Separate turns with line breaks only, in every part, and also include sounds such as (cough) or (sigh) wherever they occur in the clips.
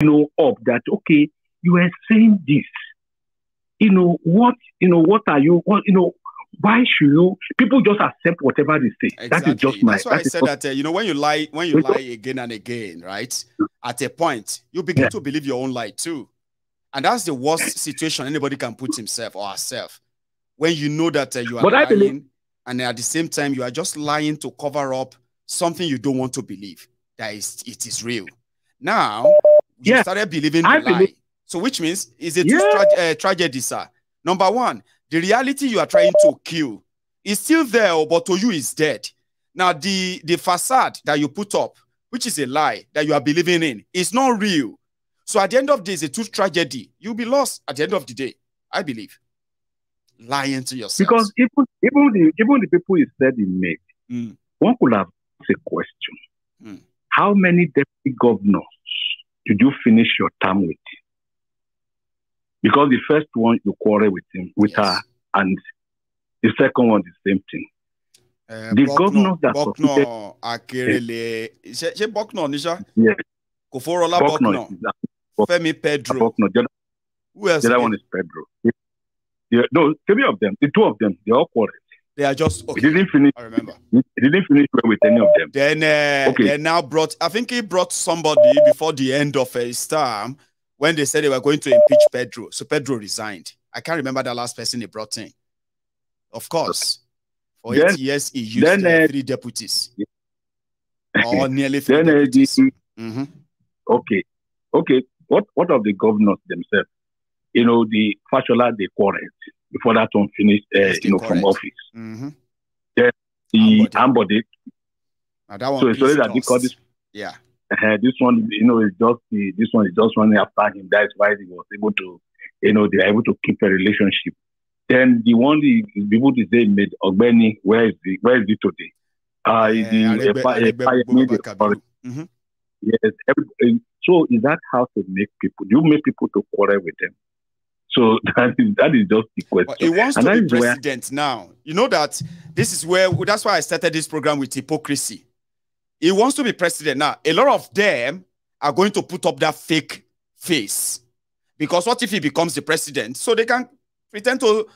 you know, up that okay, you were saying this. You know what? You know what are you? What you know? Why should you? People just accept whatever they say. Exactly. That is just my. That's why that I said that. Uh,
you know, when you lie, when you lie again and again, right? At a point, you begin yeah. to believe your own lie too, and that's the worst situation anybody can put himself or herself. When you know that uh, you are but lying, I believe- and at the same time, you are just lying to cover up something you don't want to believe that is it is real. Now, you yeah. started believing the I lie. Believe so which means is a yeah. tra- uh, eh, tragedy, sir. Number one, the reality you are trying to kill is still there, oh, but to you is dead. Now the the facade that you put up, which is a lie that you are believing in, is not real. So at the end of this, a true tragedy. You'll be lost at the end of the day, I believe. Lying to yourself. Because
even even the even the people you said you make, mm. one could have asked a question. Mm. How many deputy governors did you finish your term with? Because the first one you quarrel with him, with yes. her, and the second one the same thing.
Uh, the Bucknor, governor that Bokno, succeeded, Akerele, ṣe Bokno, Nisha. ni ṣá?
Yes. Bokno. fọ́rọ́lá
Fẹ́mi Pedro. That Who else? The other one is
Pedro. Yeah, no,
three of them, the two of them, they all quarrel. They are just okay. It didn't finish. I remember. It didn't finish well with any of them. Then uh, okay. they now brought. I think he brought somebody before the end of uh, his term when they said they were going to impeach Pedro. So Pedro resigned. I can't remember the last person they brought in. Of course, for then, eight years he used then, uh, uh three deputies,
(laughs) or nearly three then, deputies. Uh, the, mm-hmm. Okay, okay. What what of the governors themselves? You know, the Fashola they quarreled before that one finished, uh, you know, correct. from office. Mm-hmm. Then the Ambody.
So it's only that because this, yeah,
uh, this one, you know, is just the, this one is just running after him. That's why he was able to, you know, they are able to keep a relationship. Then the one the people today made Ogbeni, where is the where is it today? Uh, yeah, the, Arebe, uh, Arebe, Arebe, Yes, so is that how to make people? Do you make people to quarrel with them? So (laughs) that is that is just the question. he wants and to be president
where... now. You know that this is where that's why I started this program with hypocrisy. He wants to be president now. A lot of them are going to put up that fake face because what if he becomes the president? So they can pretend to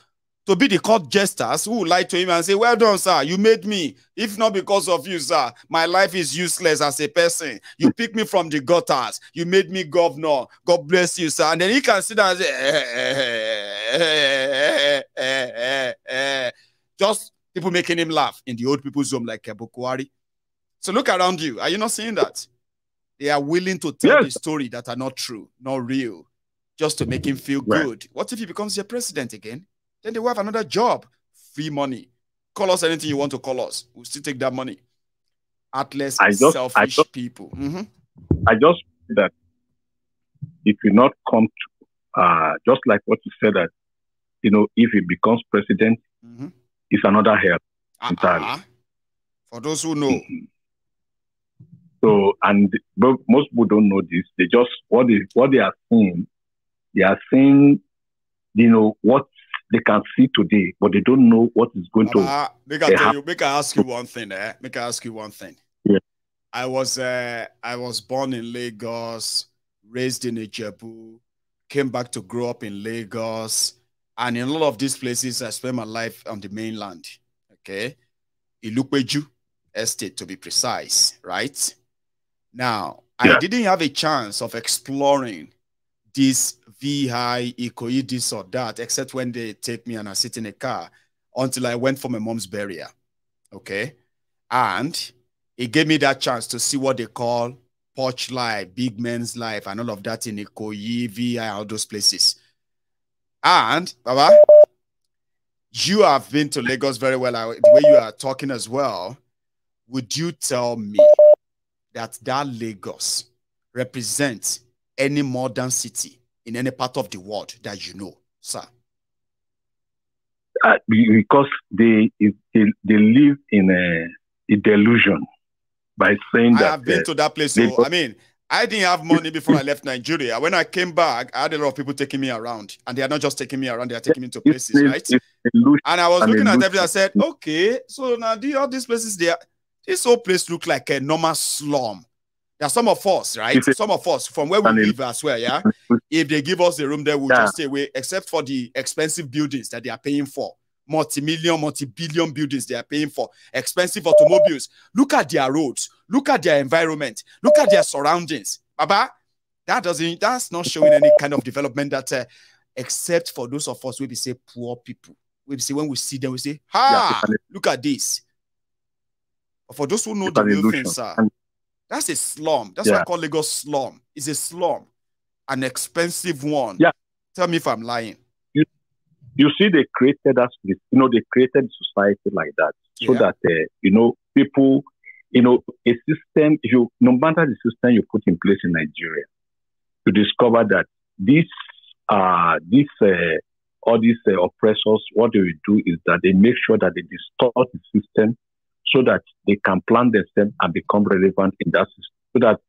to be the court jesters who lie to him and say, Well done, sir, you made me. If not because of you, sir, my life is useless as a person. You picked me from the gutters. You made me governor. God bless you, sir. And then he can sit down and say, eh, eh, eh, Just people making him laugh in the old people's home like Kebokwari. So look around you. Are you not seeing that? They are willing to tell yes. the story that are not true, not real, just to make him feel right. good. What if he becomes your president again? Then they will have another job. Free money. Call us anything you want to call us. We'll still take that money. Atlas I just, selfish mm-hmm. I just, people. Mm -hmm.
I just that it will not come to uh, just like what you said that you know if he becomes president, mm -hmm. it's another hell -uh. entirely. Ah. For those who know. (clears throat) So, and but most people don't know this. They just what they what they are seeing, they are seeing, you know, what they can see today, but they don't know what is going to. Ah, make I, tell you,
make I ask you one thing. Eh? Make I ask you one thing. Yeah. I was uh, I was born in Lagos, raised in Ijebu, came back to grow up in Lagos, and in a lot of these places, I spent my life on the mainland. Okay, Ilupeju Estate, to be precise, right? Now, yeah. I didn't have a chance of exploring this VI, E this or that, except when they take me and I sit in a car until I went for my mom's burial. Okay. And it gave me that chance to see what they call porch life, big men's life, and all of that in Ikoyi, VI, all those places. And Baba, you have been to Lagos very well. The way you are talking as well, would you tell me that that Lagos represents any modern city in any part of the world that you know, sir?
Uh, because they, they they live in a, a delusion by saying I that. I have been uh, to that place. So, oh. I mean,
I didn't have money before I left Nigeria. When I came back, I had a lot of people taking me around, and they are not just taking me around; they are taking me to places, it's, right?
It's and I was looking at everything. I
said, "Okay, so now the, all these places, there, this whole place look like a normal slum." There are some of us, right? Some of us from where we live as well, yeah. (laughs) if they give us the room, there we'll yeah. just stay away, except for the expensive buildings that they are paying for, multi-million, multi-billion buildings they are paying for, expensive automobiles. Look at their roads, look at their environment, look at their surroundings. Baba, that doesn't that's not showing any kind of development that uh, except for those of us we be say poor people. We say when we see them, we say, ha, yeah, look at this. But for those who know the real things, sir. Uh, that's a slum. That's yeah. why I call Lagos slum. It's a slum,
an expensive one. Yeah. Tell me if I'm lying. You, you see, they created us. You know, they created society like that so that uh, you know people. You know, a system. You no matter the system you put in place in Nigeria, to discover that this, uh, this, uh, all these uh, oppressors, what they will do is that they make sure that they distort the system so that they can plan themselves and become relevant in that system. So that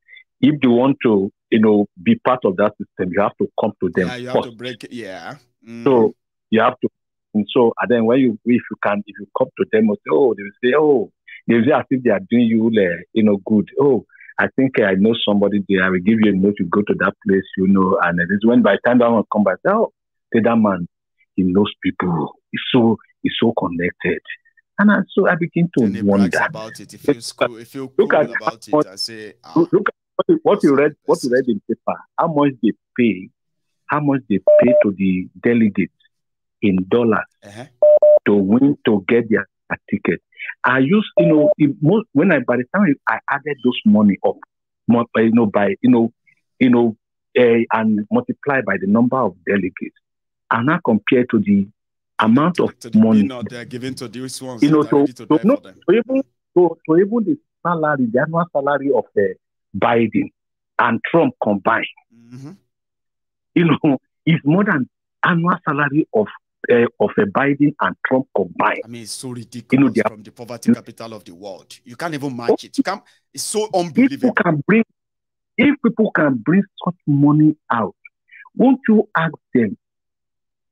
if they want to, you know, be part of that system, you have to come to them. Yeah, you first. have to
break it. Yeah. Mm. So
you have to. And so, and then when you, if you can, if you come to them and say, oh, they will say, oh, they will say as if they are doing you, uh, you know, good. Oh, I think uh, I know somebody there. I will give you a note. You go to that place, you know, and it is when by the time that one come back, oh, say that man, he knows people. He's so, he's so connected. And so I begin to and wonder about it. If you school, if you look at about much, it, I say, ah, look at what you, read, what you read in paper, how much they pay, how much they pay to the delegates in dollars uh-huh. to win to get their ticket. I used, you know, most, when I by the time I added those money up, uh, you know, by you know, you know, uh, and multiply by the number of delegates, and I compare to the amount of the, money you know,
they're giving to these ones. You know, so, to, so, no,
so even so, so even the salary, the annual salary of uh, Biden and Trump combined, mm-hmm. you know, (laughs) is more than annual salary of uh, of uh, Biden
and Trump combined. I mean, it's so ridiculous you know, are, from the poverty capital of the world. You can't even match it.
You can it's so unbelievable. People can bring, if people can bring such money out, won't you ask them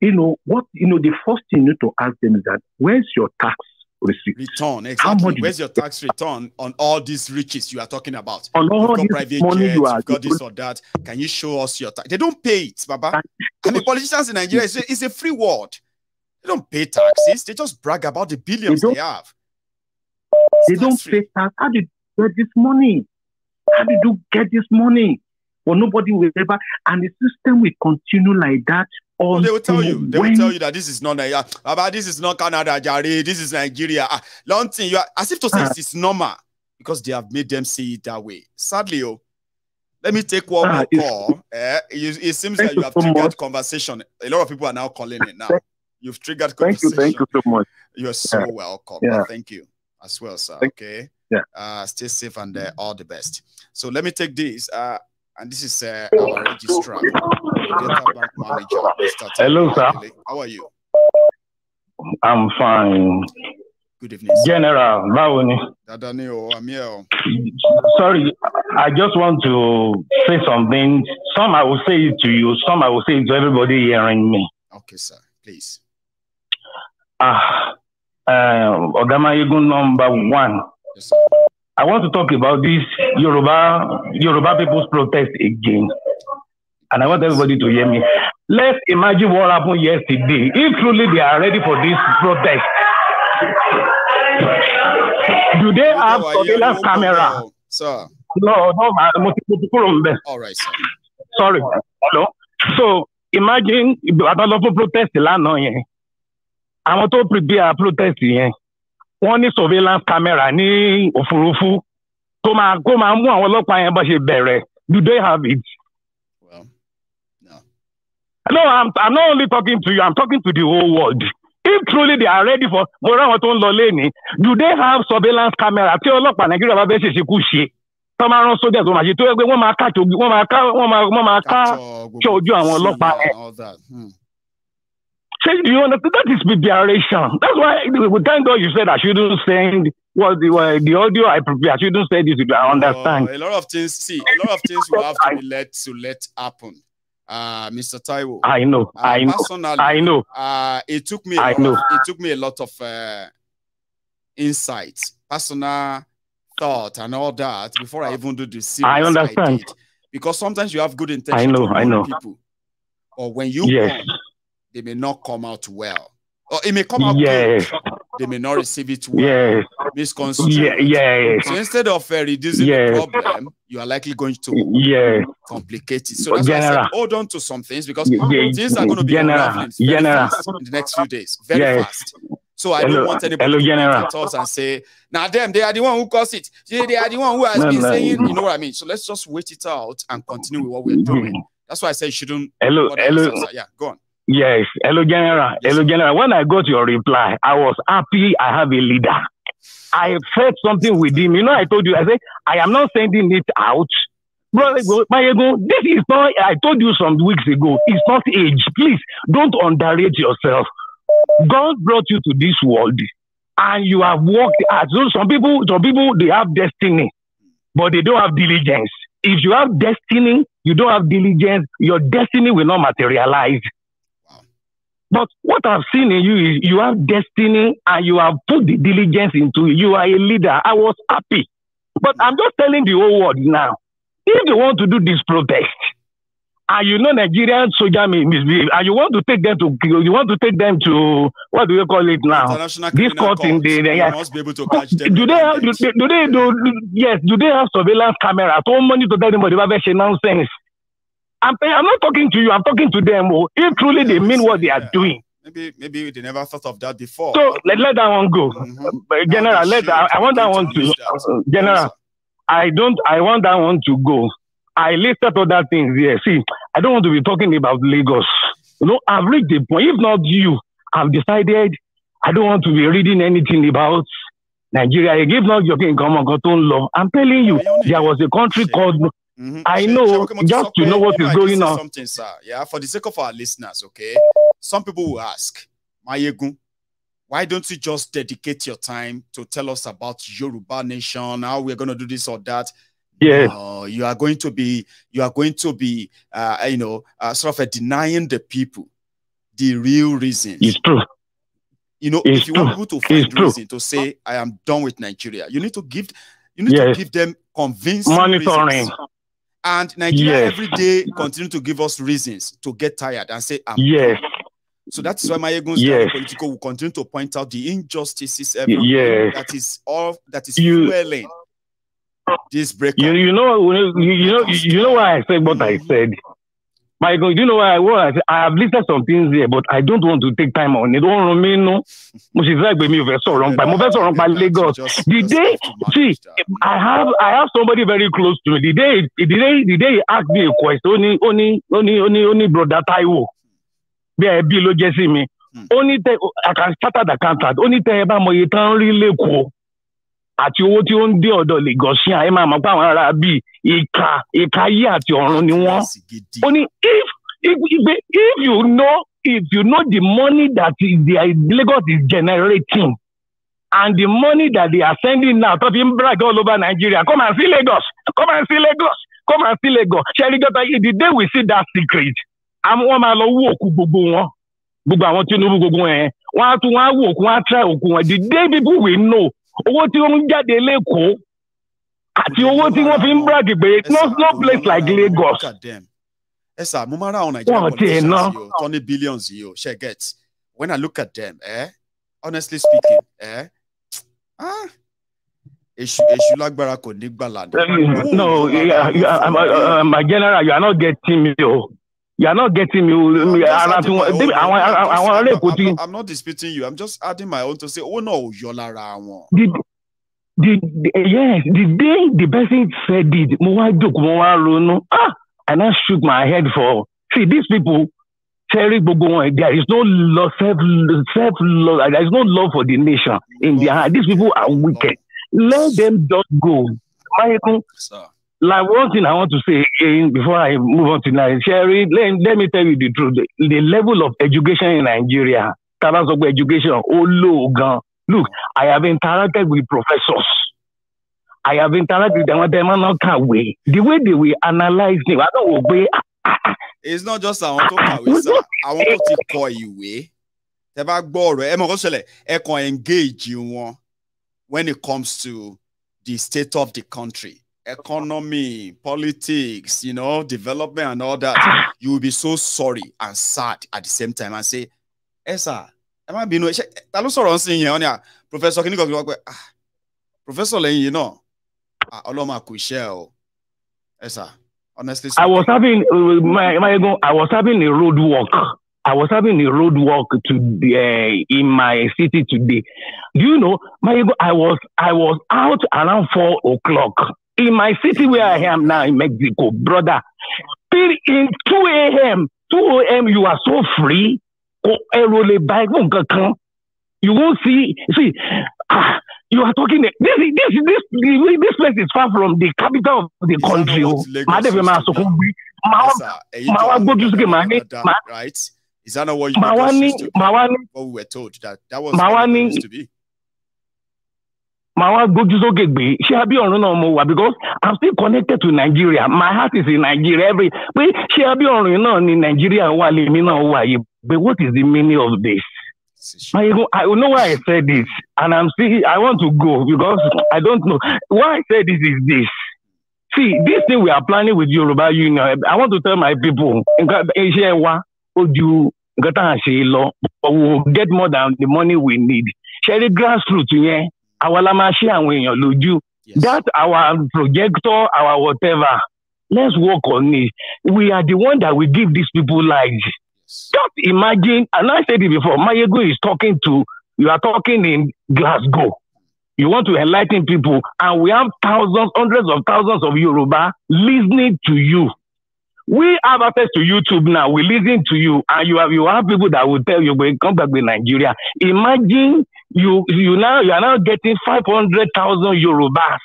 you know, what, you know, the first thing you need to ask them is that, where's your tax receipt? Return, exactly. where's your tax return on
all these riches you are talking about? On all this private money jets, you are. got this or that. Can you show us your tax? They don't pay it, Baba. I mean, politicians in Nigeria, it's a, it's a free world. They don't pay
taxes. They just brag about the billions they, they have. It's they don't free. pay tax. How did you get this money? How did you get this money? Well, nobody will ever. And the system will continue like that Oh, they will tell you. They will tell you
that this is not Nigeria. About this is not Canada, This is Nigeria. Uh, ah, long thing, you are, as if to say uh, it's normal because they have made them see it that way. Sadly, oh, let me take one uh, more call. Uh, it, it, seems that you have so triggered much. conversation. A lot of people are now calling it now. You've triggered conversation. Thank
you, thank you so much.
You're so yeah. welcome. Yeah.
Thank you as well, sir. Thank okay. Yeah. Uh, stay safe and uh, all the best. So let me take this. and this is uh, oh, our registrar. Manager. Hello, sir. How are you?
I'm fine. Good evening. Sir. General, How are you? Sorry, I just want to say something. Some I will say it to you, some I will say it to everybody hearing me. Okay, sir. Please. Ah, uh, um, Ogamayegun number one. Yes, sir. I want to talk about this Yoruba Yoruba people's protest again and I want everybody to hear me. Let's imagine what happened yesterday. If truly they are ready for this protest, do they have surveillance camera? Sir. No, no, mo ti mo ti All right, sir. Sorry. Hello. So imagine the protest lánàá yẹn. Àwọn tó prepare protest yẹn, wọ́n ní surveillance camera ní òfurufú tó máa kó máa mú àwọn ọlọ́pàá yẹn bá ṣe bẹ̀rẹ̀. Do they have it? No, I'm, I'm not only talking to you, I'm talking to the whole world. If truly they are ready for mo rá wọn tó ń lọ lẹ́ni, do they have surveillance camera tí ọlọ́pàá Nàìjíríà bá fẹ́ ṣèṣe kú ṣe? Tọ́ máa rán sójà tó máa ṣe tó yẹ pé wọ́n máa ká wọ́n máa ká wọ́n máa ká ṣe ojú àwọn ọlọ́pàá
ẹ̀. Hmm.
Ṣé you understand? That is preparation. That's why thank God you said I shouldn't send well, the, well, the audio I prepared. I shouldn't say this. I oh, understand. Oh, a
lot of things, see, a lot of things will have to be let to let happen. uh, Mr. Taiwo. I know. Uh, I know. I know. Uh, it took me. I lot, know. It took me a lot of uh, insight, personal thought, and all that before I even do the series. I understand. I because sometimes you have good intentions. I know. I know. People, or when you yes. Come, they may not come out well. Or it may
come out yes. Good,
they may not receive it well, yeah. misconstrued. Yeah, yeah, So instead of uh, reducing yeah. the problem, you are likely going to yeah. complicate it. So that's general. why I said hold on to some things because yeah. things are going to be general. general. in the next few days, very yeah. fast. So I hello, don't want anybody hello, to general. to us and say, now them, they are the one who caused it. They, they are the one who has no, been no, saying, you know what I mean? So let's just wait it out and continue with what we're mm-hmm. doing. That's why I said you shouldn't. Hello, hello. Yeah, go on.
Yes. Hello, General. Yes. Hello, General. When I got your reply, I was happy I have a leader. I felt something with him. You know, I told you, I said, I am not sending it out. Brother, this is not, I told you some weeks ago, it's not age. Please don't underrate yourself. God brought you to this world and you have worked as so some people, some people, they have destiny, but they don't have diligence. If you have destiny, you don't have diligence, your destiny will not materialize. But what I've seen in you is you have destiny and you have put the diligence into it. You are a leader. I was happy. But I'm just telling the whole world now if they want to do this protest, and you know Nigerian soldier misbehave, and you want to take them to you want to take them to what do you call it now? This court, in the, the yes. must be able to catch them. Do they have, do, do they do, do yes? Do they have surveillance cameras? So money to tell them about the nonsense. I'm, I'm not talking to you. I'm talking to them. Oh. If truly they mean what they are doing.
Maybe maybe they never thought of that before. So let, let that one go, mm-hmm. General. Let
I, I want that one to, uh, General. I don't. I want that one to go. I listed other things here. See, I don't want to be talking about Lagos. You know, I've reached the point. If not you, I've decided I don't want to be reading anything about Nigeria. If not your king, come on, God, don't love. I'm telling you, there was a country called Mm-hmm. I know just to know what is going on. Something,
sir. Yeah, for the sake of our listeners, okay. Some people will ask, Mayegun, why don't you just dedicate your time to tell us about Yoruba Nation? How we're going to do this or that? Yeah, no, you are going to be, you are going to be, uh, you know, uh, sort of denying the people the real reason. It's true. You know, it's if you true. want people to find it's reason true. to say I am done with Nigeria, you need to give, you need yes. to give them convincing monitoring. Reasons and Nigeria yes. every day continue to give us reasons to get tired and say, I'm yes. Tired. So that's why my yes. political will continue to point out the injustices yes. that is all that is you, fueling
this break. You, you know, you, you know, you know why I said what I said. My God, you know what I was? I have listed some things here, but I don't want to take time on it. Don't run me, no. Mo ṣe fẹ́ me mi ò fẹ́ sọ̀rọ̀ nípa mo fẹ́ sọ̀rọ̀ Lagos. The day see, I have I have somebody very close to me. The day the day the day he asked me a question, Only only only only ó ní Taiwo. Be ẹbí ló jẹ́ sí mi. Hmm. Ó I can start at the contact. Only ní tẹ ẹ bá mọ iye àti owó tí ó ń dé ọ̀dọ̀ Lagosian ẹ máa mọ̀ pé àwọn ará bíi ìka ìka yé àti ọ̀run ni wọ́n. ó ní if if if you know if you know the money that the Lagos is generating and the money that they are sending now tó fi ń brag all over Nigeria come and see Lagos come and see Lagos come and see Lagos ṣẹ́rí gọ́tà the day we see that secret wọ́n máa lọ wú òkú gbogbo wọn gbogbo àwọn Tinubu gbogbo yẹn wọ́n á tún wọ́n á wú òkú wọ́n á tẹ òkú wọn the day people will know owó tí ó ń jáde lẹ́kọ̀ọ́ àti owó tí wọ́n fi ń brag pé no no place like Lagos. ẹ sà
mo máa ra àwọn Nigerian politicians yìí o tọ́ni billions yìí o ṣe get when I look at them eh, honestly speaking eh, ah, èṣù èṣù lágbára kò ní gbàlà. Um,
no um, uh, uh, my general you are not getting me o you are not getting me ara tí wọn débi àwọn àwọn ará èkó tí. i'm
not disputing you i'm just adding my own to say Oh no, you're not lára
the the yes the day the person said it mo wá jókòó mo wá ronú ah i shook my head for see these people tẹ́rí gbogbo there is no love self self love there is no love for the nation in their heart these people are wicked let them just go. Mayekun like one thing I want to say again before I move on to Nigeria, let, let me tell you the truth. The, the level of education in Nigeria, of education, oh low gan. Look, I have interacted with professors. I have interacted with them, and them not wait. The way they will analyze them, I don't obey. It's not just àwọn tó
kàwé sá, (laughs) àwọn you. ti kọ ìwé. Tẹ bá gbọ́ ọ̀rọ̀ ẹ mọ̀ kó ṣẹlẹ̀ ẹ engage you when it comes to the state of the country economy, politics, you know, development and all that, you will be so sorry and sad at the same time and say, "Esa, eh, sà, ẹ má bínú, ṣe ta ló sọ̀rọ̀ here, on ya, professor Can you go wọ́n pẹ́, ah professor lẹ́yìn you know, ah, ọlọ́mọ kò iṣẹ́ o, ẹ
honestly speaking. I was having, Mayegun, I was having a road walk. I was having a road walk today eh, in my city today. Do you know, My ego. I was I was out around four o'clock. in my city where I am now in Mexico, brother, in 2 a.m., 2 a.m., you are so free. You won't see, see, ah, you are talking, this, this, this, this place is far from the capital of the country. Oh. Right? Is
that not what you what we were told that that
was Mawani, to be? màá wá gbójú sókè gbé ṣé abí ọ̀run náà mo wà because i'm still connected to nigeria my heart is in nigeria every pé ṣé abí ọ̀run náà ni nigeria wà lèmi náà wà yìí but what is the meaning of this. I, I know why I said this, and I'm still. I want to go because I don't know why I said this is this. See, this thing we are planning with Yoruba Union. I want to tell my people, iṣẹ́ wa Oju, ju tá à ṣe lọ, but we will get more than the money we need. Ṣé the grassroots yẹn? àwa la máa ṣe àwọn èèyàn lójú that our projector our whatever let's work on it we are the one that will give these people light just imagine and i said it before mayegun is talking to you are talking in glasgow you want to enlighten people and we have thousands hundreds of thousands of yoruba listening to you we have access to YouTube now. We listen to you, and you have you have people that will tell you, "Come back to Nigeria." Imagine you you now you are now getting five hundred thousand Yorubas.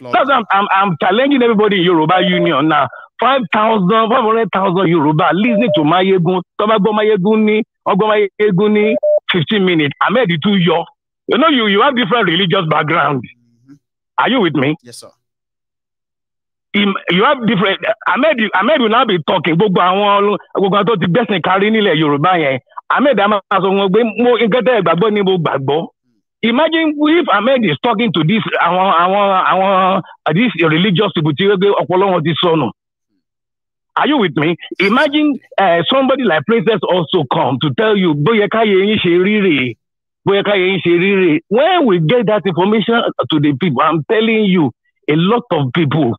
That's I'm, I'm I'm challenging everybody in Yoruba Union now. Five thousand, five hundred thousand Yoruba listening to my egun, Mayegun. Tọ́ba gbọ́ Mayegun ní ọgbọ́n Mayegun ní fifteen minutes. Ahmed tún yọ. You know you you have different religious background. Mm-hmm. Are you with me? Yes, sir. Im, you have different I made I made you now be talking gbogbo àwọn gbogbo àwọn tó ti gbẹ̀sìn kárí nílẹ̀ Yorùbá yẹn ahmed a máa sọ wọn pé mo nǹkan tẹ́ ẹ ni mo gbàgbọ́ imagine if ahmed is talking to this àwọn àwọn àwọn this religious people tí wọ́n ọpọlọ wọn ti sọnù are you with me imagine uh, somebody like princess also come to tell you bóyá káyé yín ṣe rí bóyá káyé yín ṣe rí when we get that information to the people i'm telling you a lot of people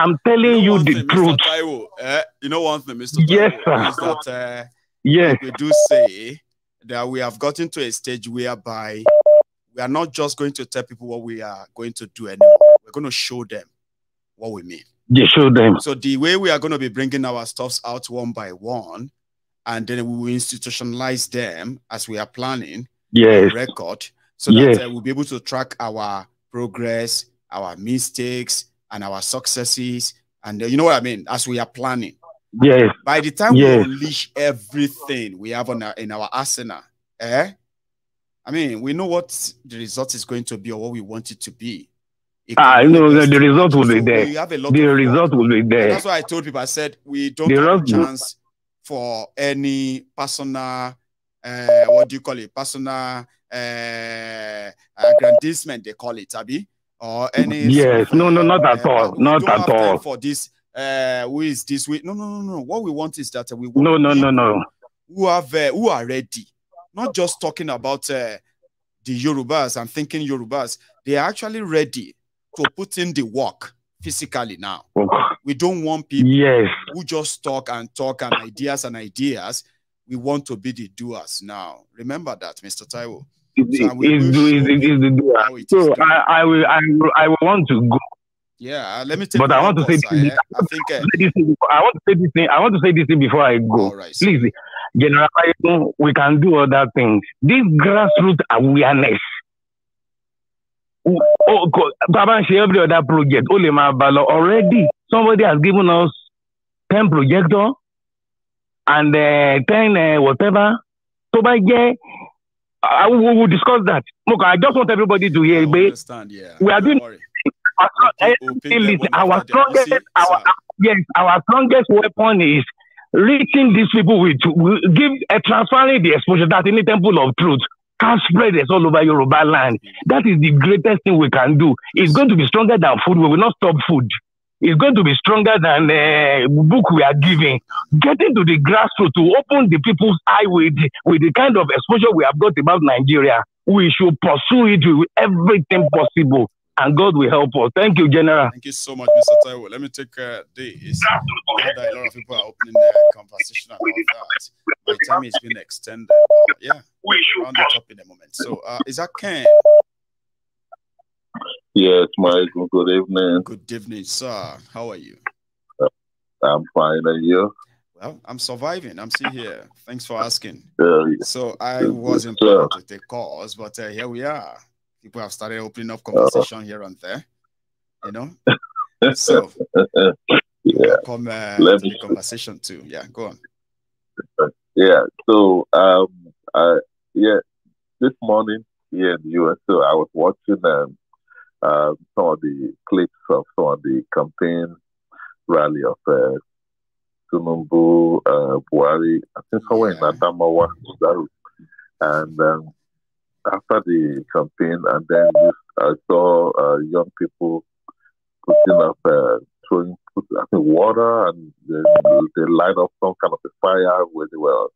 i'm telling you, you the thing, truth.
Taiwo, uh, you know one thing mr. Taiwo, yes is that. Uh, yeah. we do say that we have gotten to a stage whereby we are not just going to tell people what we are going to do anymore. We're going to show them what we mean. Yeah, show them. So the way we are going to be bringing our stuffs out one by one, and then we will institutionalize them as we are planning. Yes. Record so that yes. uh, we'll be able to track our progress, our mistakes, and our successes. And uh, you know what I mean? As we are planning. Yes. By the time yes. we unleash everything we have on our, in our arsenal, eh? I mean, we know what the result is going to be or what we want it to be. It ah, no, the, the result will be there. have a lot. The result will be there. And that's why I told people I said we don't the have a chance for any personal, uh, what do you call it? Personal uh, aggrandizement, they call it, Abi. Or any. Yes, no, no, not at eh, all. Not at all. For this uh, who is this? We no, no, no, no. What we want is that we want no, no, no, no. Who have uh, who are ready? Not just talking about uh, the Yorubas. I'm thinking Yorubas. They are actually ready to put in the work physically now. Oh. We don't want people yes. who just talk and talk and ideas and ideas. We want to be the doers now. Remember that, Mr. Taiwo.
So the doer. So I, I, will, I, will, I will want to go
yeah, uh, let
me. Take but uh, I want to say. I, I, think uh, I want to say this thing. I want to say this thing before I go. Right, Please, general, we can do other things. This grassroots awareness. Oh, God, every other project. already. Somebody has given us ten projector and uh, ten uh, whatever. So by yeah, I, we will discuss that. Look, I just want everybody to hear. I understand? Yeah. We are doing. Worry our strongest, our, yes, our strongest weapon is reaching these people with, with give uh, transferring the exposure that any temple of truth can spread this all over Yoruba land. That is the greatest thing we can do. It's going to be stronger than food. We will not stop food. It's going to be stronger than the uh, book we are giving. Getting to the grassroots to open the people's eye with, with the kind of exposure we have got about Nigeria. We should pursue it with everything possible and God will help us. Thank you, General. Thank
you so much, Mr. Taiwo. Let me take uh, this. a lot of people are opening their conversation about that. My time has been extended. Yeah, we should on the top in a moment. So, uh, is that Ken?
Yes, Michael. Good evening.
Good evening, sir. How are you?
I'm fine. And you?
Well, I'm surviving. I'm still here. Thanks for asking. So I was not employed to take calls, but uh, here we are people have started opening up oh. conversation here and there, you know. (laughs) so yeah, come uh, to the conversation too. Yeah, go on.
Yeah, so um, uh, yeah, this morning here in the US, so I was watching um, uh, some of the clips of some of the campaign rally of uh, Tunumbu, uh, Buhari, I think somewhere yeah. in Adamawa, and um, after the campaign, and then I saw uh, young people putting up, uh, throwing, put, I think, water, and then they light up some kind of a fire where they were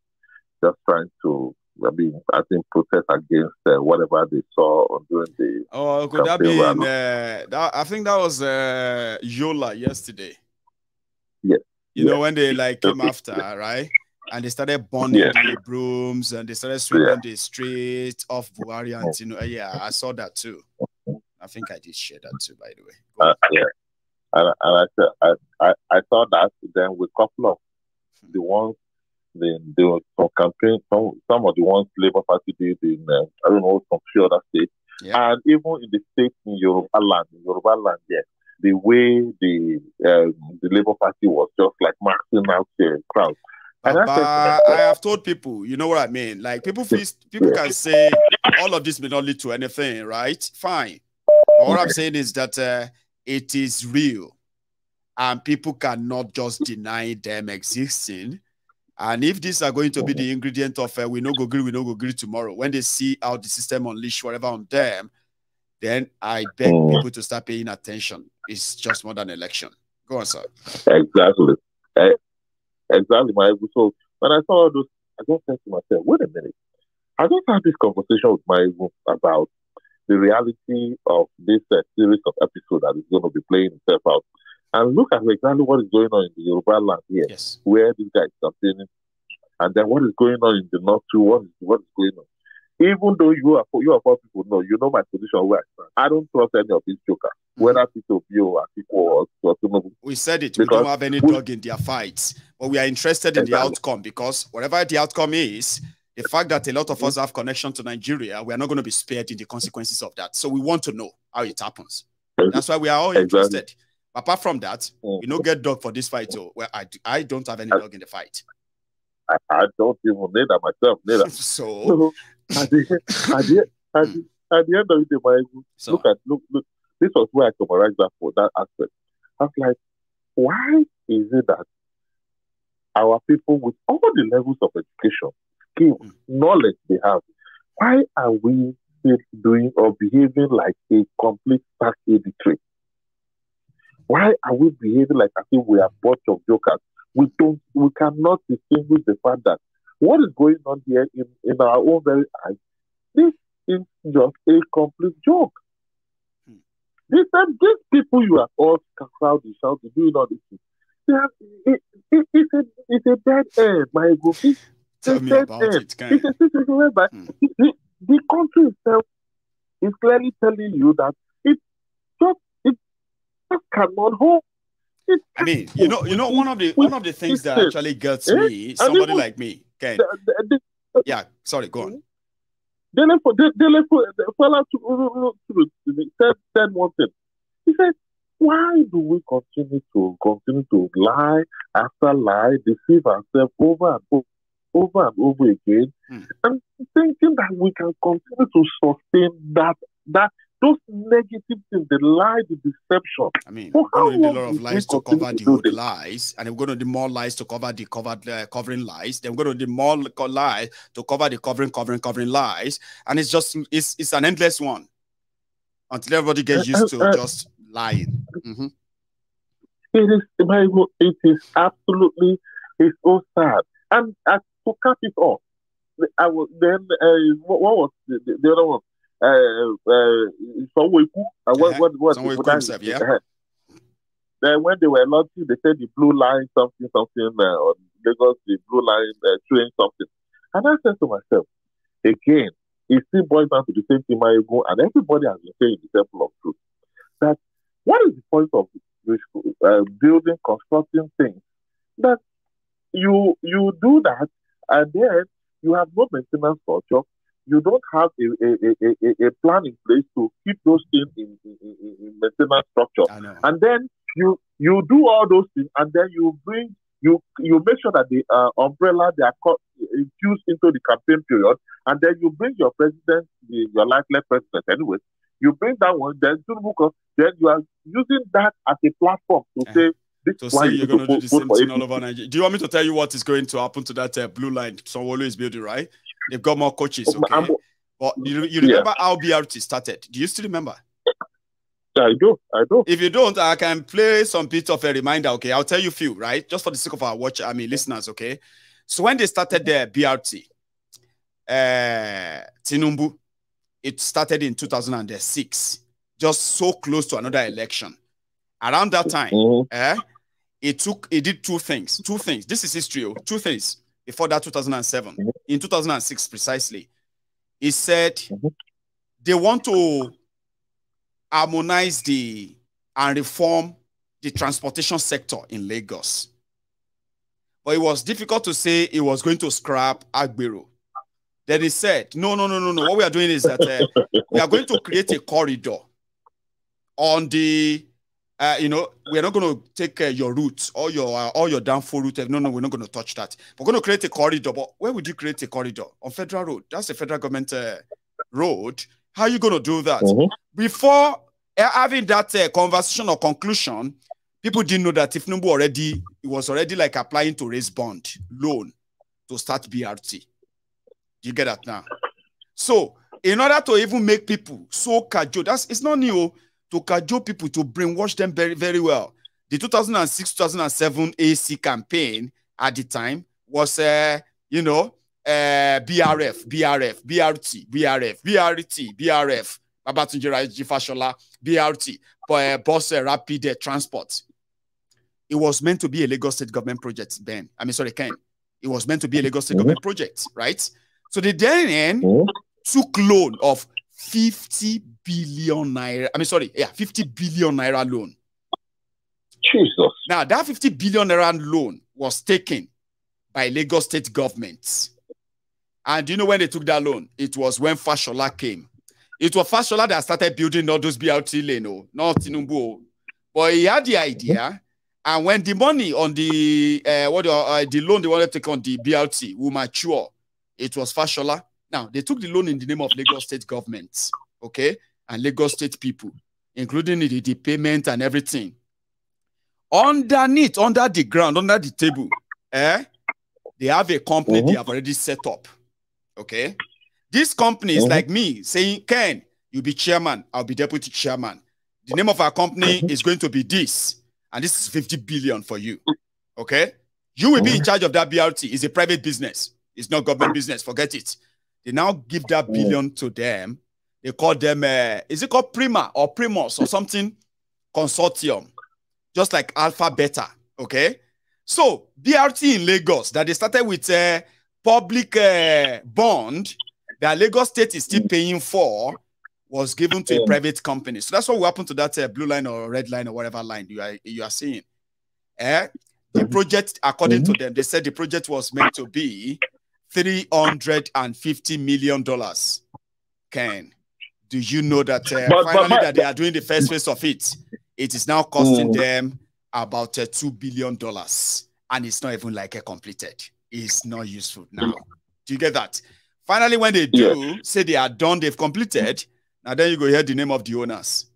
just trying to, I mean, I think, protest against uh, whatever they saw during the.
Oh, could that be in, uh, that, I think that was uh, Yola yesterday.
Yes. You yes. know, when they like came yes. after,
right? and they started burning yeah. the brooms and they started sweeping yeah. the streets of Buhari and you know, uh, yeah, I saw that too. I think I did share that too, by the
way. Uh, yeah, and, and I, I, I saw that then with a couple of hmm. the ones they they were some campaign some some of the ones Labour Party did in uh, I don't know some few other states, yeah. and even in the states in Yoruba land, in Yoruba land, yes, the way the um, the Labour Party was just like maxing out the crowd
and I, have told people, you know what I mean. Like people, feel, people can say all of this may not lead to anything, right? Fine. All I'm saying is that uh, it is real, and people cannot just deny them existing. And if these are going to be the ingredient of uh, we no go green, we no go green tomorrow, when they see how the system unleash whatever on them, then I beg mm. people to start paying attention. It's
just more than election. Go on, sir. Exactly. Eh, exactly my ego. So when I saw all those, I just said to myself, wait a minute. I just had this conversation with my ego about the reality of this uh, series of episodes that is going to be playing itself out. And look at exactly what is going on in the Yoruba land here, yes. where this guy is campaigning, and then what is going on in the north too, what is, what is going on. Even though you are you are four people know, you know my position where I stand. I don't trust any of these jokers whether or Atiku or Tinubu.
We said it. Because we don't have any dog in their fights, but we are interested in exactly. the outcome because whatever the outcome is, the fact that a lot of us have connection to Nigeria, we are not going to be spared in the consequences of that. So we want to know how it happens. That's why we are all exactly. interested. Apart from that, mm. we you don't get dog for this fight. So oh. well, I, I don't have any dog in the fight.
I, I don't even need that myself, neither. (laughs) so, so (laughs) at, the, at, the, at, the, at the end of the day, my, so, look at look look this was where I summarized that for that aspect. I was like, why is it that our people with all the levels of education, skills, hmm. knowledge they have, why are we still doing or behaving like a complete past illiterate? Why are we behaving like as if we are a bunch of jokers? We don't we cannot distinguish the fact that what is going on here in, in our own very eyes, this is just a complete joke. This said, these people you are all crowding, shouting, doing all this. They have, it, it, it's, a, it's a dead end, my ego. It's, Tell it's me about end. it. Can it's a situation whereby mm. the, the country itself is clearly telling you that it just, it just cannot hold I mean, you know, you know, one of the one of the things that actually gets eh? me, somebody like me, okay, yeah, sorry, go hmm? on. Dele, to Fela said, said one thing. He said, why do we continue to continue to lie after lie, deceive ourselves over and over, over and over again, mm. and thinking that we can continue to sustain that that those negative things, the lie, the deception. I
mean, so how going to need a lot of lies to cover the old lies, and we're going to need more lies to cover the covered uh, covering lies. Then we're going to need more lies to cover the covering, covering, covering lies, and it's just it's it's an endless one until everybody gets used to uh, uh, uh. just
lying. Mm -hmm. It is it is absolutely it's so sad. And to cut it off, I was then uh, what, what was the, the, the other one? Eh, eh, Sanwo Iku. Uh-huh. What what Sanwo Yeah. Uh-huh. Then when they were launching, they said the blue line something something uh, Lagos, the blue line uh, train something. And I said to myself, again, it still boils down to the same thing I go, and everybody has been saying the temple of truth. That what is the point of uh, building, constructing things that you you do that, and then you have no maintenance culture, you don't have a, a, a, a, plan in place to keep those things in, in, in maintenance structure. And then you you do all those things, and then you bring you you make sure that the uh, umbrella they are co- infused into the campaign period, and then you bring your president, your likely president, anyway. You bring that one, then Tinubu, then you are using that as a platform to uh-huh. say this to say you're going to do the same thing all over Nigeria.
Do you want me to tell you what is going to happen to that uh, blue line Sonwolu is building, right? They've got more coaches. Oh, okay. but you, you remember yeah. how BRT started? Do you still remember? I do. I do. If you don't, I can play some bit of a reminder. Okay, I'll tell you a few, right? Just for the sake of our watch, I mean, listeners. Okay, so when they started their BRT, uh, eh, Tinumbu, it started in 2006, just so close to another election. Around that time, mm -hmm. eh, it took it did two things. Two things. This is history. Oh, two things before that 2007, in 2006 precisely, he said mm-hmm. they want to harmonize the and reform the transportation sector in Lagos. But it was difficult to say it was going to scrap Agbero. Then he said, no, no, no, no, no. What we are doing is that uh, we are going to create a corridor on the uh, you know, we're not going to take uh, your roots or your uh, all your downfall route. No, no, we're not going to touch that. We're going to create a corridor. But where would you create a corridor on federal road? That's a federal government uh, road. How are you going to do that? Mm -hmm. Before uh, having that uh, conversation or conclusion, people didn't know that if Numbu already it was already like applying to raise bond loan to start BRT. You get that now? So in order to even make people so casual, that's it's not new to cajole people to brainwash them very, very well. The 2006 2007 AC campaign at the time was, uh, you know, uh, BRF, BRF, BRT, BRF, BRT, BRF, Babatunjira Fashola, BRT, uh, Bus uh, Rapid uh, Transport. It was meant to be a Lagos state government project, Ben. I mean, sorry, Ken. It was meant to be a Lagos state mm -hmm. government project, right? So the then mm -hmm. Oh. took loan of 50 billion naira. I mean, sorry, yeah, 50 billion naira loan. Jesus. Now, that 50 billion naira loan was taken by Lagos state government. And you know when they took that loan? It was when Fashola came. It was Fashola that started building all those BLT, Leno, oh, not Tinubu. Oh. But he had the idea. And when the money on the uh, what uh, the loan they wanted to take on the BLT will mature, it was Fashola. Now they took the loan in the name of Lagos state government. Okay, and Lagos State people, including the, the payment and everything. Underneath, under the ground, under the table, eh, they have a company mm -hmm. they have already set up. Okay. This company is mm -hmm. like me saying, Ken, you'll be chairman, I'll be deputy chairman. The name of our company mm -hmm. is going to be this, and this is 50 billion for you. Okay. You will be in mm-hmm. charge of that BRT. It's a private business, it's not government business. Forget it. They now give that mm-hmm. billion to them they call them, uh, is it called Prima or Primus or something? Consortium, just like Alpha Beta. Okay. So BRT in Lagos that they started with a uh, public uh, bond that Lagos State is still paying for was given to a private company. So that's what will happen to that uh, blue line or red line or whatever line you are you are seeing. Eh? The project, according to them, they said the project was meant to be three hundred and fifty million dollars. Ken, do you know that uh, but, finally but my, that they are doing the first phase of it? It is now costing mm. them about uh, two billion dollars, and it's not even like a uh, completed. It's not useful now. Mm. Do you get that? Finally, when they do yeah. say they are done, they've completed. Now then you go hear the name of the owners.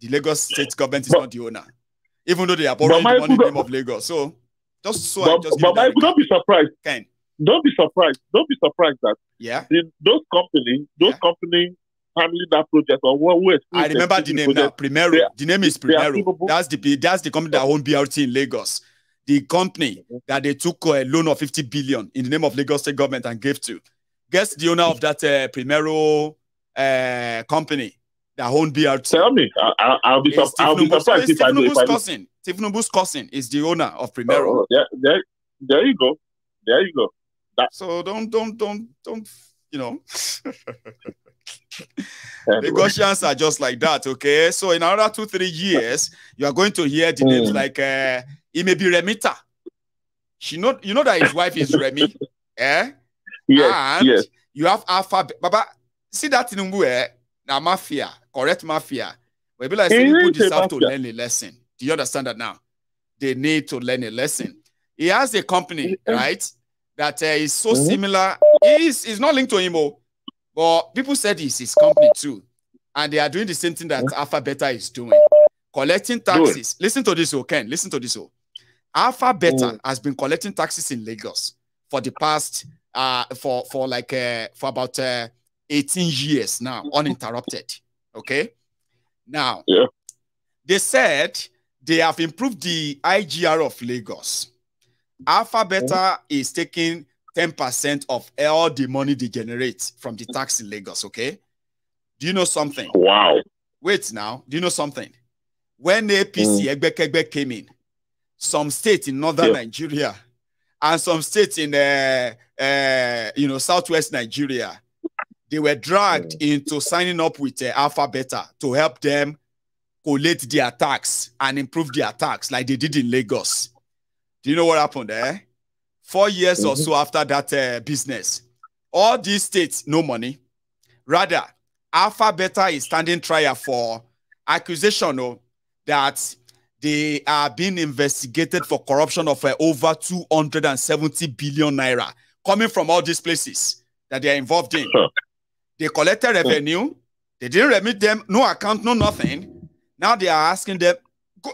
The Lagos state government is but, not the owner,
even though they are borrowing the money name of Lagos. So just so but, I just but Mike, don't be surprised. Ken. Don't be surprised. Don't be surprised that yeah, the, those companies, those yeah. companies handling that project or what I remember the name now, Primero. the name is Primero.
That's the that's the company that owned BRT in Lagos. The company that they took a uh, loan of 50 billion in the name of Lagos state government and gave to. Guess the owner of that uh, Primero uh, company that owned BRT. Tell me, I, will be, I'll be surprised if I know. If cousin, Tifnubu's cousin is the owner of Primero. Oh, oh, there, there, there you go. There you go. That. So don't, don't, don't, don't, you know. (laughs) Negotiations are just like that, okay? So in another two, three years, you are going to hear the mm. names hmm. like uh, it may be Remita. She know you know that his wife is Remy, (laughs) eh? Yes, and yes. you have Alpha Baba. See that in Umbu, eh? Now mafia, correct mafia. Maybe like say people deserve to learn a lesson. Do you understand that now? They need to learn a lesson. He has a company, mm-hmm. right? That uh, is so mm -hmm. similar. Is he's not linked to him, oh. But people said it's his company too. And they are doing the same thing that Alpha Beta is doing. Collecting taxes. Good. Listen to this, okay? Oh, Listen to this. Oh. Alpha Beta mm. has been collecting taxes in Lagos for the past uh for for like uh for about uh 18 years now, uninterrupted. Okay. Now yeah. they said they have improved the IGR of Lagos. Alpha Beta mm. is taking 10% of all the money they generate from the tax in Lagos, okay? Do you know something? Wow. Wait now. Do you know something? When APC mm. Egbekegbe came in, some states in northern yeah. Nigeria and some states in uh, uh, you know southwest Nigeria, they were dragged hmm. into signing up with uh, Alpha Beta to help them collate their tax and improve their tax like they did in Lagos. Do you know what happened there? Eh? four years mm -hmm. or mm-hmm. so after that uh, business. All these states, no money. Rather, Alpha Beta is standing trial for accusation oh, that they are being investigated for corruption of uh, over 270 billion naira coming from all these places that they are involved in. They collected revenue. They didn't remit them, no account, no nothing. Now they are asking them.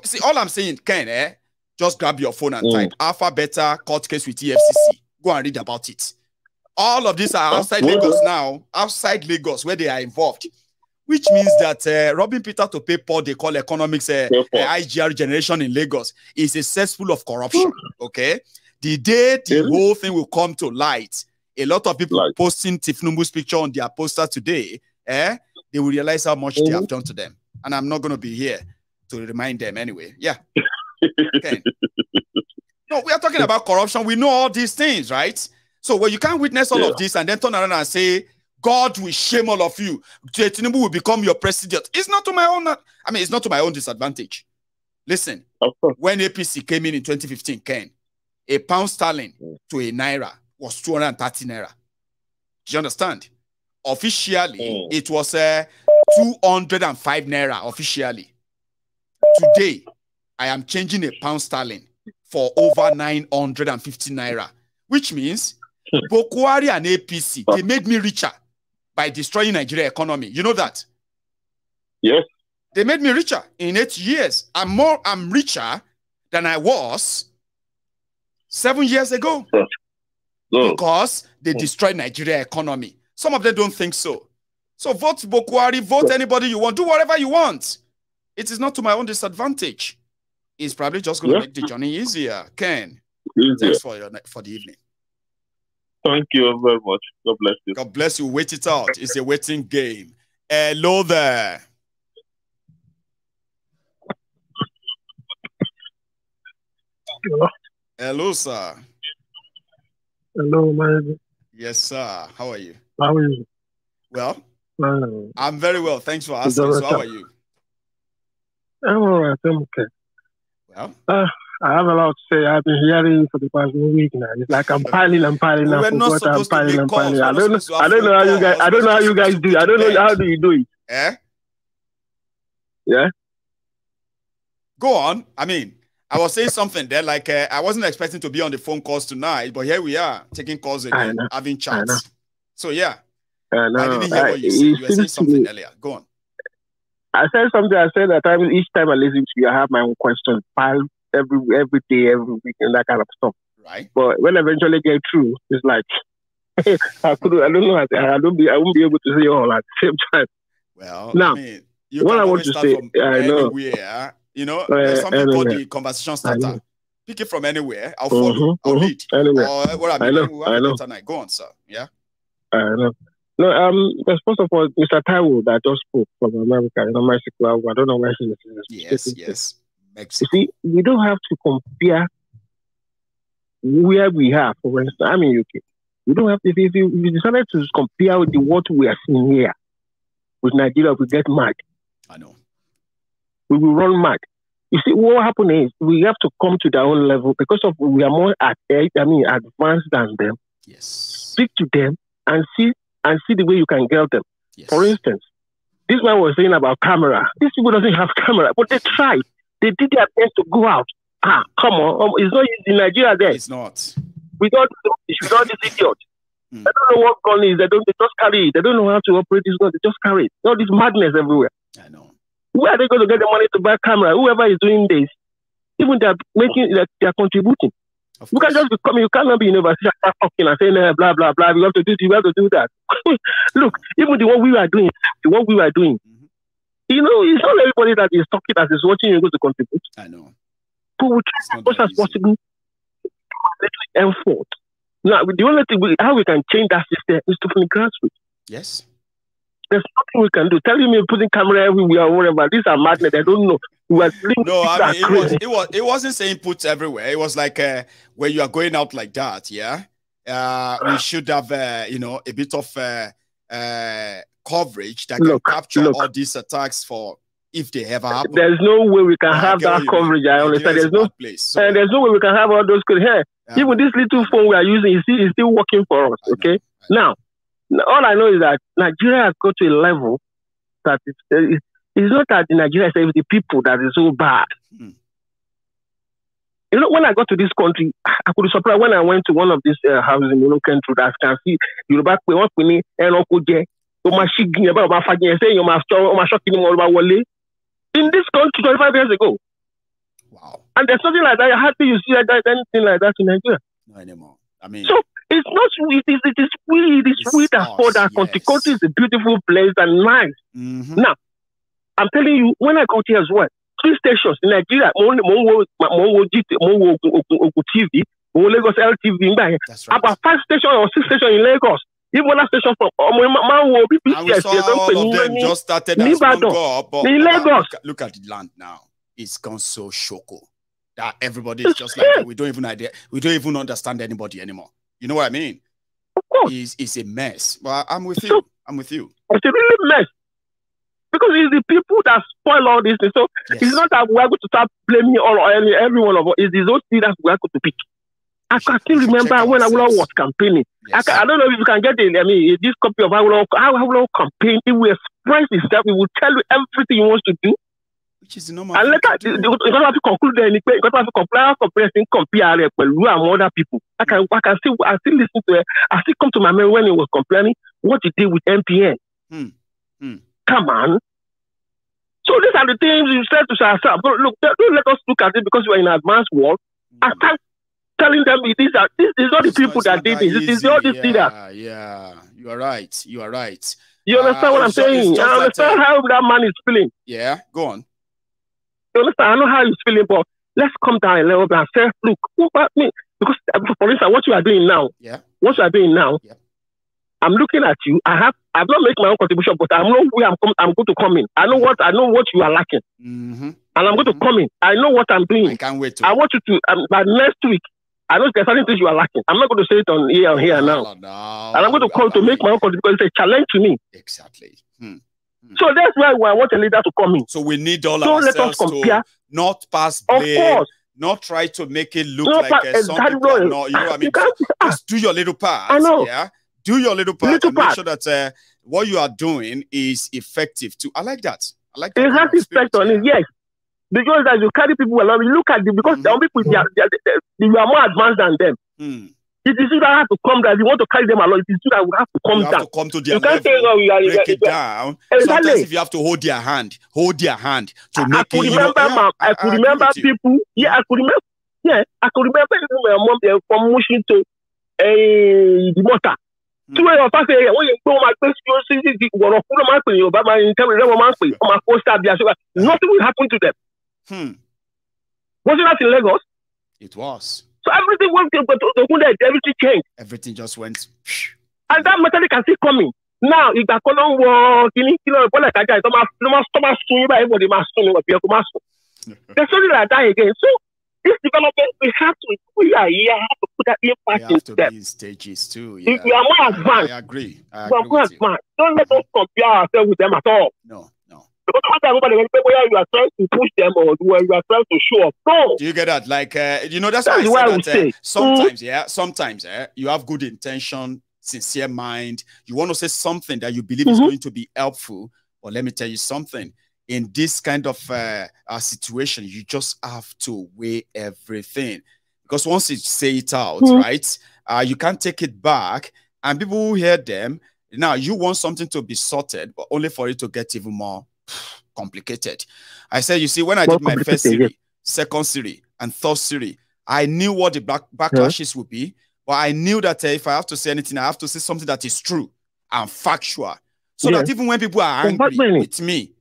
see, all I'm saying, Ken, eh, just grab your phone and mm. type Alpha Beta court case with EFCC. Go and read about it. All of these are outside yeah. Lagos now, outside Lagos, where they are involved, which means that uh, robbing Peter to pay Paul, they call economics uh, uh, IGR generation in Lagos, is a cesspool of corruption. Okay. The day the yeah. whole thing will come to light, a lot of people like. posting Tifnumbu's picture on their poster today, eh, they will realize how much mm -hmm. they have mm-hmm. done to them. And I'm not going to be here to remind them anyway. Yeah. (laughs) Okay. No, we are talking about corruption. We know all these things, right? So, when you can't witness all yeah. of this and then turn around and say, God will shame all of you. Tinubu will become your president. It's not to my own, I mean, it's not to my own disadvantage. Listen, when APC came in in 2015, Ken, a pound sterling to a naira was 230 naira. Do you understand? Officially, mm. it was uh, 205 naira officially. Today, I am changing a pound sterling for over 950 naira, which means Bokwari and APC, they made me richer by destroying Nigeria economy. You know that? Yes. They made me richer in eight years. I'm more, I'm richer than I was seven years ago no. because they destroyed Nigeria economy. Some of them don't think so. So vote Bokwari, vote anybody you want, do whatever you want. It is not to my own disadvantage is probably just going to yeah. make the journey easier. Ken, easier. thanks for your for the evening. Thank you very much. God bless you. God bless you. Wait it out. It's a waiting game. Hello there. Hello. Hello, sir.
Hello, my.
Yes, sir. How are you? How are you? Well, uh, I'm very well. Thanks for asking. So how are you?
I'm all right. I'm okay uh, I have a lot to say. I've been hearing for the past week now. It's like I'm (laughs) piling, I'm piling, we I'm what I'm piling, I'm piling. I am piling and i piling piling i do not know. I don't know how you guys. I don't know how you guys do. I don't know how do you do it. Yeah. Yeah.
Go on. I mean, I was saying something there. Like uh, I wasn't expecting to be on the phone calls tonight, but here we are
taking calls and having chats. So yeah, I, I didn't hear I, what you said. You were saying something earlier. Go on. I said something. I said that time each time I listen to you, I have my own questions piled every every day, every week, and that kind of stuff. Right. But when I eventually get through, it's like (laughs) I could I don't know. I, I don't be. I won't be able to say all at the same time. Well, now I mean, what I want to say, I know. you know, uh, something anywhere. called the conversation starter.
Pick it from anywhere. I'll follow. mm I'll mm lead. Anywhere. Or what I mean, I know. I know. Go on, sir. Yeah.
I know. No, um, because first of all, Mr. Taiwo that just spoke from America, you know, Mexico, I don't know where she is. Yes, yes. Mexico. You see, we don't have to compare where we are, for instance, I'm in UK. We don't have to, if you, if you decided to compare with the, what we are seeing here with Nigeria, we get mad. I know. We will run mad. You see, what happened is we have to come to their own level because of we are more at I mean, advanced than them. Yes. Speak to them and see and see the way you can get them. Yes. For instance, this one was saying about camera. This people doesn't have camera, but they try. They did their best to go out. Ah, come on, um, it's not in Nigeria then. It's not. We don't. Without without this idiot. Mm. I don't know what gun is. They don't. They just carry it. They don't know how to operate this gun. They just carry it. All this madness everywhere. I know. Where are they going to get the money to buy camera? Whoever is doing this, even they're making they're, they're contributing you can't just be coming. You cannot be in university talking and saying eh, blah blah blah. We have to do. We have to do that. (laughs) Look, even the one we were doing, the one we were doing. Mm-hmm. You know, it's not everybody that is talking that is watching you go to contribute. I know. But we try as much as possible. Effort. Now, the only thing we, how we can change that system is to from grassroots. Yes. There's nothing we can do. Telling me putting camera everywhere or whatever. These are madness. I don't know. You no, I mean, it was, it
was it wasn't saying put everywhere. It was like uh, where you are going out like that, yeah. Uh, we should have uh, you know a bit of uh, uh coverage that can capture look. all these attacks for if they ever happen. There's no
way we can have that uh, coverage. I understand. There's no place, so. and there's no way we can have all those. Here, yeah. even this little phone we are using is still, still working for us. I okay, know, now all I know is that Nigeria has got to a level that it's it's not that the Nigeria it's the people that is so bad. Mm. You know, when I got to this country, I could be surprised when I went to one of these uh, houses in Mulu country that I can see Yorùbá pé wọ́n pè ní ẹranko jẹ, o máa ṣí gbìyànjú báyọ̀ In this country twenty five years ago. Wow. And there's nothing like that. Hardly you see that, anything like that in Nigeria. Not anymore. I mean. So it's not it is it is sweet. it is sweet. that for that yes. country. Country is a beautiful place and nice. Mm-hmm. Now I'm telling you, when I got here as well, three stations in Nigeria, mo wo Ogun TV, mo wo Lagos LTV nígbà yẹn. About five stations or six stations in Lagos. Even that station from ọmọ máa ń wo BPCS yẹn tó ń pè ní Nìbàdàn ní Lagos.
Look at the land now, it's gone so shoko that everybody is just like we don't even idea, we don't even understand anybody anymore. You know what I mean? Of course. It's, it's a mess. Well, I'm with you. I'm with you. It's a really mess
because it's the people that spoil all this, things. So yes. it's not that we're going to start blaming all or any, every one of us. It's the those things that we're going to pick. I can still remember when I was campaigning. Yes. I, can, I, don't know if you can get it. I mean, this copy of Awolowo, Awolowo campaign, it will express itself. It will tell you everything he wants to do. Which is normal. And later, nǹkan tó bá fi conclude ẹni pé have tó bá I'm compare sí compare rẹ̀ pẹ̀lú other people. I can I can still I still listen to it. I still come to my mind when he was complaining what he did with MPN.
Hmm. Hmm.
Come on. So these are the things you said to yourself. But look, don't let us look at it because we are in advanced world. Mm. And start telling them it is that this is not the people that did this. It is all this leader.
Yeah, yeah, you are right. You are right. You understand uh, what I'm so, saying? I understand uh, how that man is feeling. Yeah,
go on. You understand? I know how he's feeling, but let's come down a little bit and say, look, what about me? Because uh, for instance, what you are doing now, yeah, what you are doing now, yeah. I'm looking at you. I have I've not made my own contribution, but I know where I'm com- I'm going to come in. I know what I know what you are lacking, mm-hmm. and I'm going mm-hmm. to come in. I know what I'm doing. I can't wait. To. I want you to um, by next week. I know there's certain things you are lacking. I'm not going to say it on here and here now. No, and I'm going to call to make my own contribution. It's a challenge to me. Exactly. Hmm. hmm. So that's why I want a leader to come in. So we need all so ourselves let us compare. to not pass blame.
Of course not try to make it look like uh, something. No, you know, what I mean, you just do your little part. I know. Yeah, do your little part little and part. make sure that uh, what you are doing is
effective too. I like that. I like that. It has effect on it, yes. Because as you carry people along, you look at them because mm-hmm. people they are, they, are, they, are, they are, more advanced than them. Mm. It is you that have to come down. You want to carry them along. It is you that will have to come you down. To come to their oh, you can't say, no, you are, break it down. Exactly. Sometimes if
you have to hold their hand, hold their hand to I, make I could it. Remember, you know, yeah, I, could I remember people.
Yeah, I could remember. Yeah, I could remember even my mom eh, from Mushin to uh, eh, the motor. tí wọ́n yọ fáṣẹ yẹ wọ́n yẹ pé wọ́n máa gbé sí sí sí sí wọ̀rọ̀ fún ló máa pè yín ọba máa ń tẹ́wé rẹ́ wọ́n máa pè wọ́n máa kó sáà bí aṣọ hmm. nothing will happen to them. Hmm. Was it not in Lagos?
It was.
So everything went to Ogunde, everything changed.
Everything just went.
And that method can still coming. Now, ìgbà kan ló ń wọ kíní kí lọ́rọ̀ bọ́lá ìtajà ìtọ́ máa sun yín báyìí bọ̀dé máa sun ni ọ̀bì ẹ̀kọ́ máa sun. Hmm. There's something like that again. So These developments, we have to, we are here, have to put that impact we have in to step. Be in stages too. Yeah. We are more advanced. I, I agree. I agree we are more advanced. Don't let us compare ourselves with them at all. No, no. Because after everybody when people you are trying to push them or where are trying to show up.
No. Do you get that? Like, uh, you know, that's, that's why I said that, uh, sometimes, mm. yeah, sometimes, yeah, uh, you have good intention, sincere mind. You want to say something that you believe mm -hmm. is mm-hmm. going to be helpful. But let me tell you something in this kind of uh, uh, situation, you just have to weigh everything because once you say it out, mm -hmm. right, uh, you can't take it back, and people who hear them now you want something to be sorted, but only for it to get even more (sighs) complicated. I said, you see, when I more did my first series, second series, and third series, I knew what the back backlashes yeah. would be, but I knew that uh, if I have to say anything, I have to say something that is true and factual, so that even when people are angry with me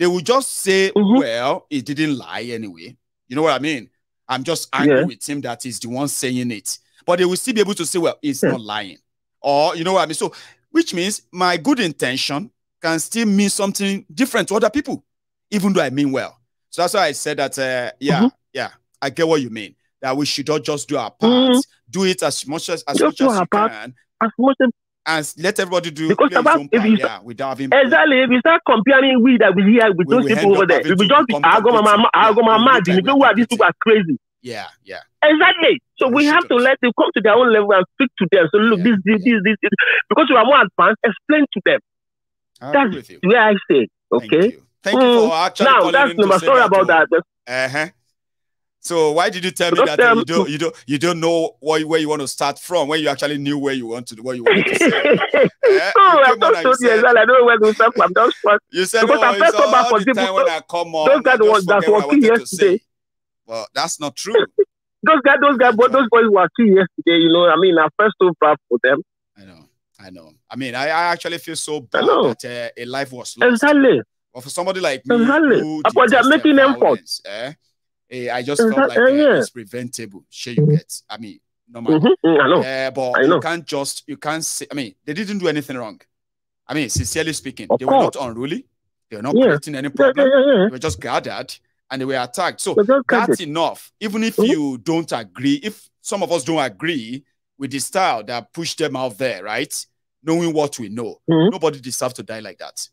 they will just say, mm -hmm. well, he didn't lie anyway. You know what I mean? I'm just angry yeah. with him that he's the one saying it. But they will still be able to say, well, he's yeah. not lying. Or, you know what I mean? So, which means my good intention can still mean something different to other people, even though I mean well. So that's why I said that, uh, yeah, mm -hmm. yeah, I get what you mean. That we should all just do our mm-hmm. part, mm -hmm. do it as much as, as much as you part. can.
As much as and let everybody do because about, if you, yeah, exactly if you start comparing we that we here with those people over there, we will just I go my I go my mad. You know these people are crazy. Yeah, yeah. Exactly. So we have to let them come to their own level and speak to them. So look, this, this, this, this, because you are more advanced, explain to them. that's where I say. Okay. Thank you. Thank you for mm. actually now that's my Sorry about that. Uh huh.
So why did you tell me that you don't you don't you don't know what, where you want to start from when you actually knew where you want to what you want to say?
yeah, (laughs) oh, I'm not so said,
I don't know where to start from. That's what
you said. Because no, oh, I first come back for the time when I come on, those guys was that working yesterday.
Well, that's not true. those guys, those guys, but those boys were key yesterday. You know, I mean, I'm first so proud for them. I know,
I know. I mean, I, I actually feel so bad that uh, a life was lost. Exactly. But for somebody like me, exactly. who but they're making efforts. Eh? Uh, I just eh, felt like uh, it's preventable. Sure, you mm-hmm. get. I mean, no matter. Mm-hmm. Mm -hmm. I know. Uh, but I know. you can't just you can't say. I mean, they didn't do anything wrong. I mean, sincerely speaking, of they course. were not unruly. They were not yeah. creating any problem. Yeah, they were just gathered and they were attacked. So that's tragic. enough. Even if mm -hmm. you don't agree, if some of us don't agree with the style that pushed them out there, right? Knowing what we know, mm -hmm. nobody deserves to die like that.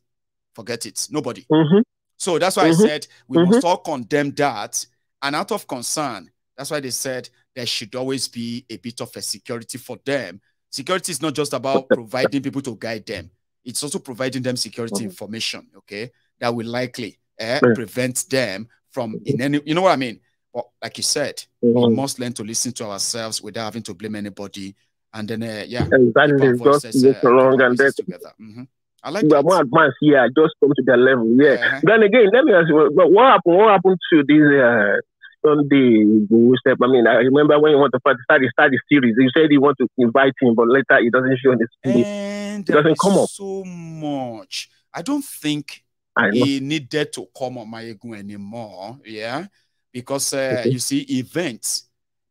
Forget it. Nobody. Mm-hmm. So that's why I said we must all condemn that and out of concern, that's why they said there should always be a bit of a security for them. Security is not just about providing people to guide them. It's also providing them security mm-hmm. information, okay, that will likely eh, prevent them from in any, you know what I mean? But like you said, we mm-hmm. must learn to listen to ourselves without having to blame anybody. And then, uh, yeah, exactly. Voices, just uh, eh, wrong and
then together. Mm
-hmm. I like
we are more advanced. Yeah, just come to that level. Yeah. Uh -huh. Then again, let me ask you, what happened? What happened to these uh, Sunday Igboho step. I mean, I remember when you want to start the, series, you said you want to invite him, but later he doesn't show in the series. And it doesn't come up.
So much. I don't think I he needed to come on Mayegun anymore. Yeah. Because uh, okay. you see, events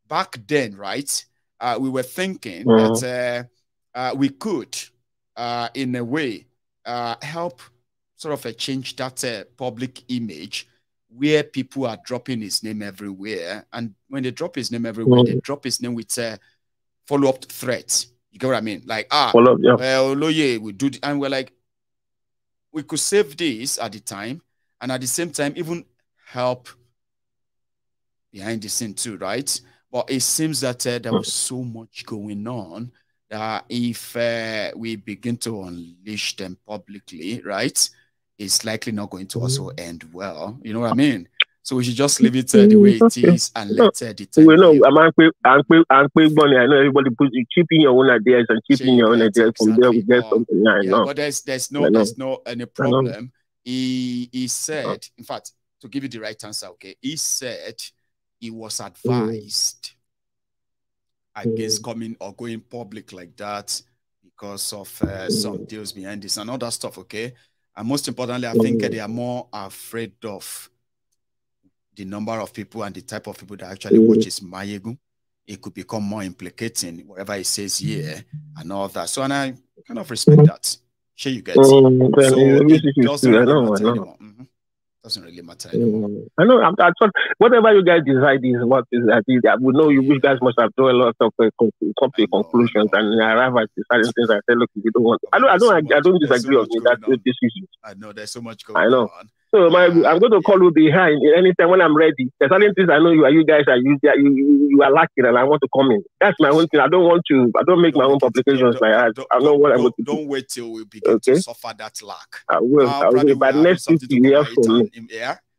back then, right? Uh, we were thinking mm-hmm. that uh, uh, we could, uh, in a way, uh, help sort of change that public image where people are dropping his name everywhere. And when they drop his name everywhere, mm -hmm. they drop his name with a uh, follow up threat. You get what I mean? Like, ah, follow up, yeah. well, Loye, we do, and we're like, we could save this at the time, and at the same time, even help behind the scene too, right? But it seems that uh, there was so much going on that if uh, we begin to unleash them publicly, right? is likely not going to mm. also end well. You know what I mean? So we should just leave it uh, the mm, way it is and let uh, the
time. Well, no, I'm angry, I'm money. I know everybody puts you keeping your own ideas and keeping your own ideas. Exactly. From there, we get something. Um, I yeah, know. But there's there's no there's
no any problem. He he uh-huh. said, in fact, to give you the right answer, okay, he said he was mm. advised mm. against coming or going public like that because of uh, some deals behind this and all that stuff. Okay, and most importantly, I think they are more afraid of the number of people and the type of people that actually watches Mayegu. It could become more implicating, whatever he says here and all that. So, and I kind of respect mm-hmm. that. Sure, you get. Um, mm, so,
Mm -hmm doesn't really matter mm. anymore.
I know. I'm, I thought whatever you guys decide is what is. that is. think I would know you, you mm. guys must have done a lot of uh, come to conclusions know, and arrive at certain things. I said, look, if you don't want, I don't, I don't, I, I, don't disagree so on that. This I know there's so much going on. I know. On. So my, I'm going to call you behind anytime when I'm ready. There's certain things I know you are. You guys are you, you, you are lacking, and I want to come in. That's my own thing. I don't want to. I don't make my own publications. my like I, I know what I'm going to. Don't do. wait till we begin okay? to suffer that lack. I will. Uh, I will. But next week you hear from me.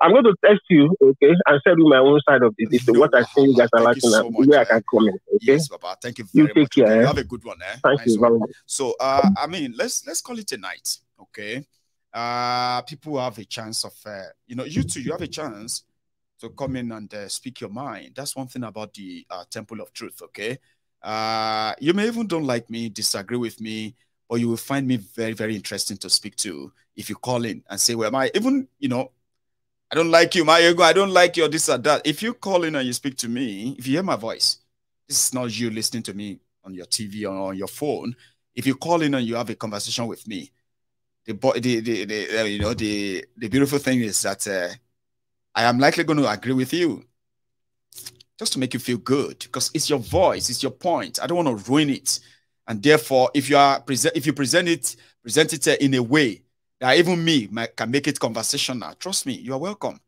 I'm going to text you, okay, and tell you my own side of this. No, what I think you guys are lacking, so uh, where I eh. can comment. Okay? Yes, Baba. Thank you very you much. Eh. Care, eh? Have a good one. Eh? Thank nice you. One.
So, uh, I mean, let's let's call it a night, okay? uh, people have a chance of, uh, you know, you too, you have a chance to come in and uh, speak your mind. That's one thing about the uh, Temple of Truth, okay? Uh, you may even don't like me, disagree with me, or you will find me very, very interesting to speak to if you call in and say, Well, I?" even, you know, I don't like you, my ego, I don't like your this or that. If you call in and you speak to me, if you hear my voice, this is not you listening to me on your TV or on your phone. If you call in and you have a conversation with me, the, the, the, the uh, you know the the beautiful thing is that uh, I am likely going to agree with you just to make you feel good because it's your voice, it's your point. I don't want to ruin it, and therefore, if you are present, if you present it, present it uh, in a way that even me my, can make it conversational. Trust me, you are welcome,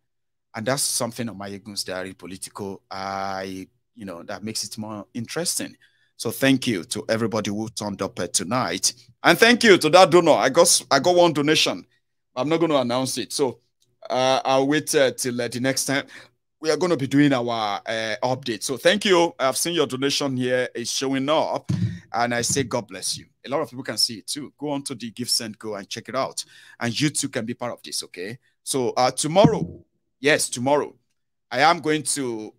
and that's something on my Egun's diary political. I you know that makes it more interesting. So thank you to everybody who turned up uh, tonight. And thank you to that donor. I got, I got one donation. I'm not going to announce it. So uh, I'll wait uh, till uh, the next time. We are going to be doing our uh, update. So thank you. I've seen your donation here. It's showing up. And I say, God bless you. A lot of people can see it too. Go on to the Give Send Go and check it out. And you too can be part of this, okay? So uh, tomorrow, yes, tomorrow, I am going to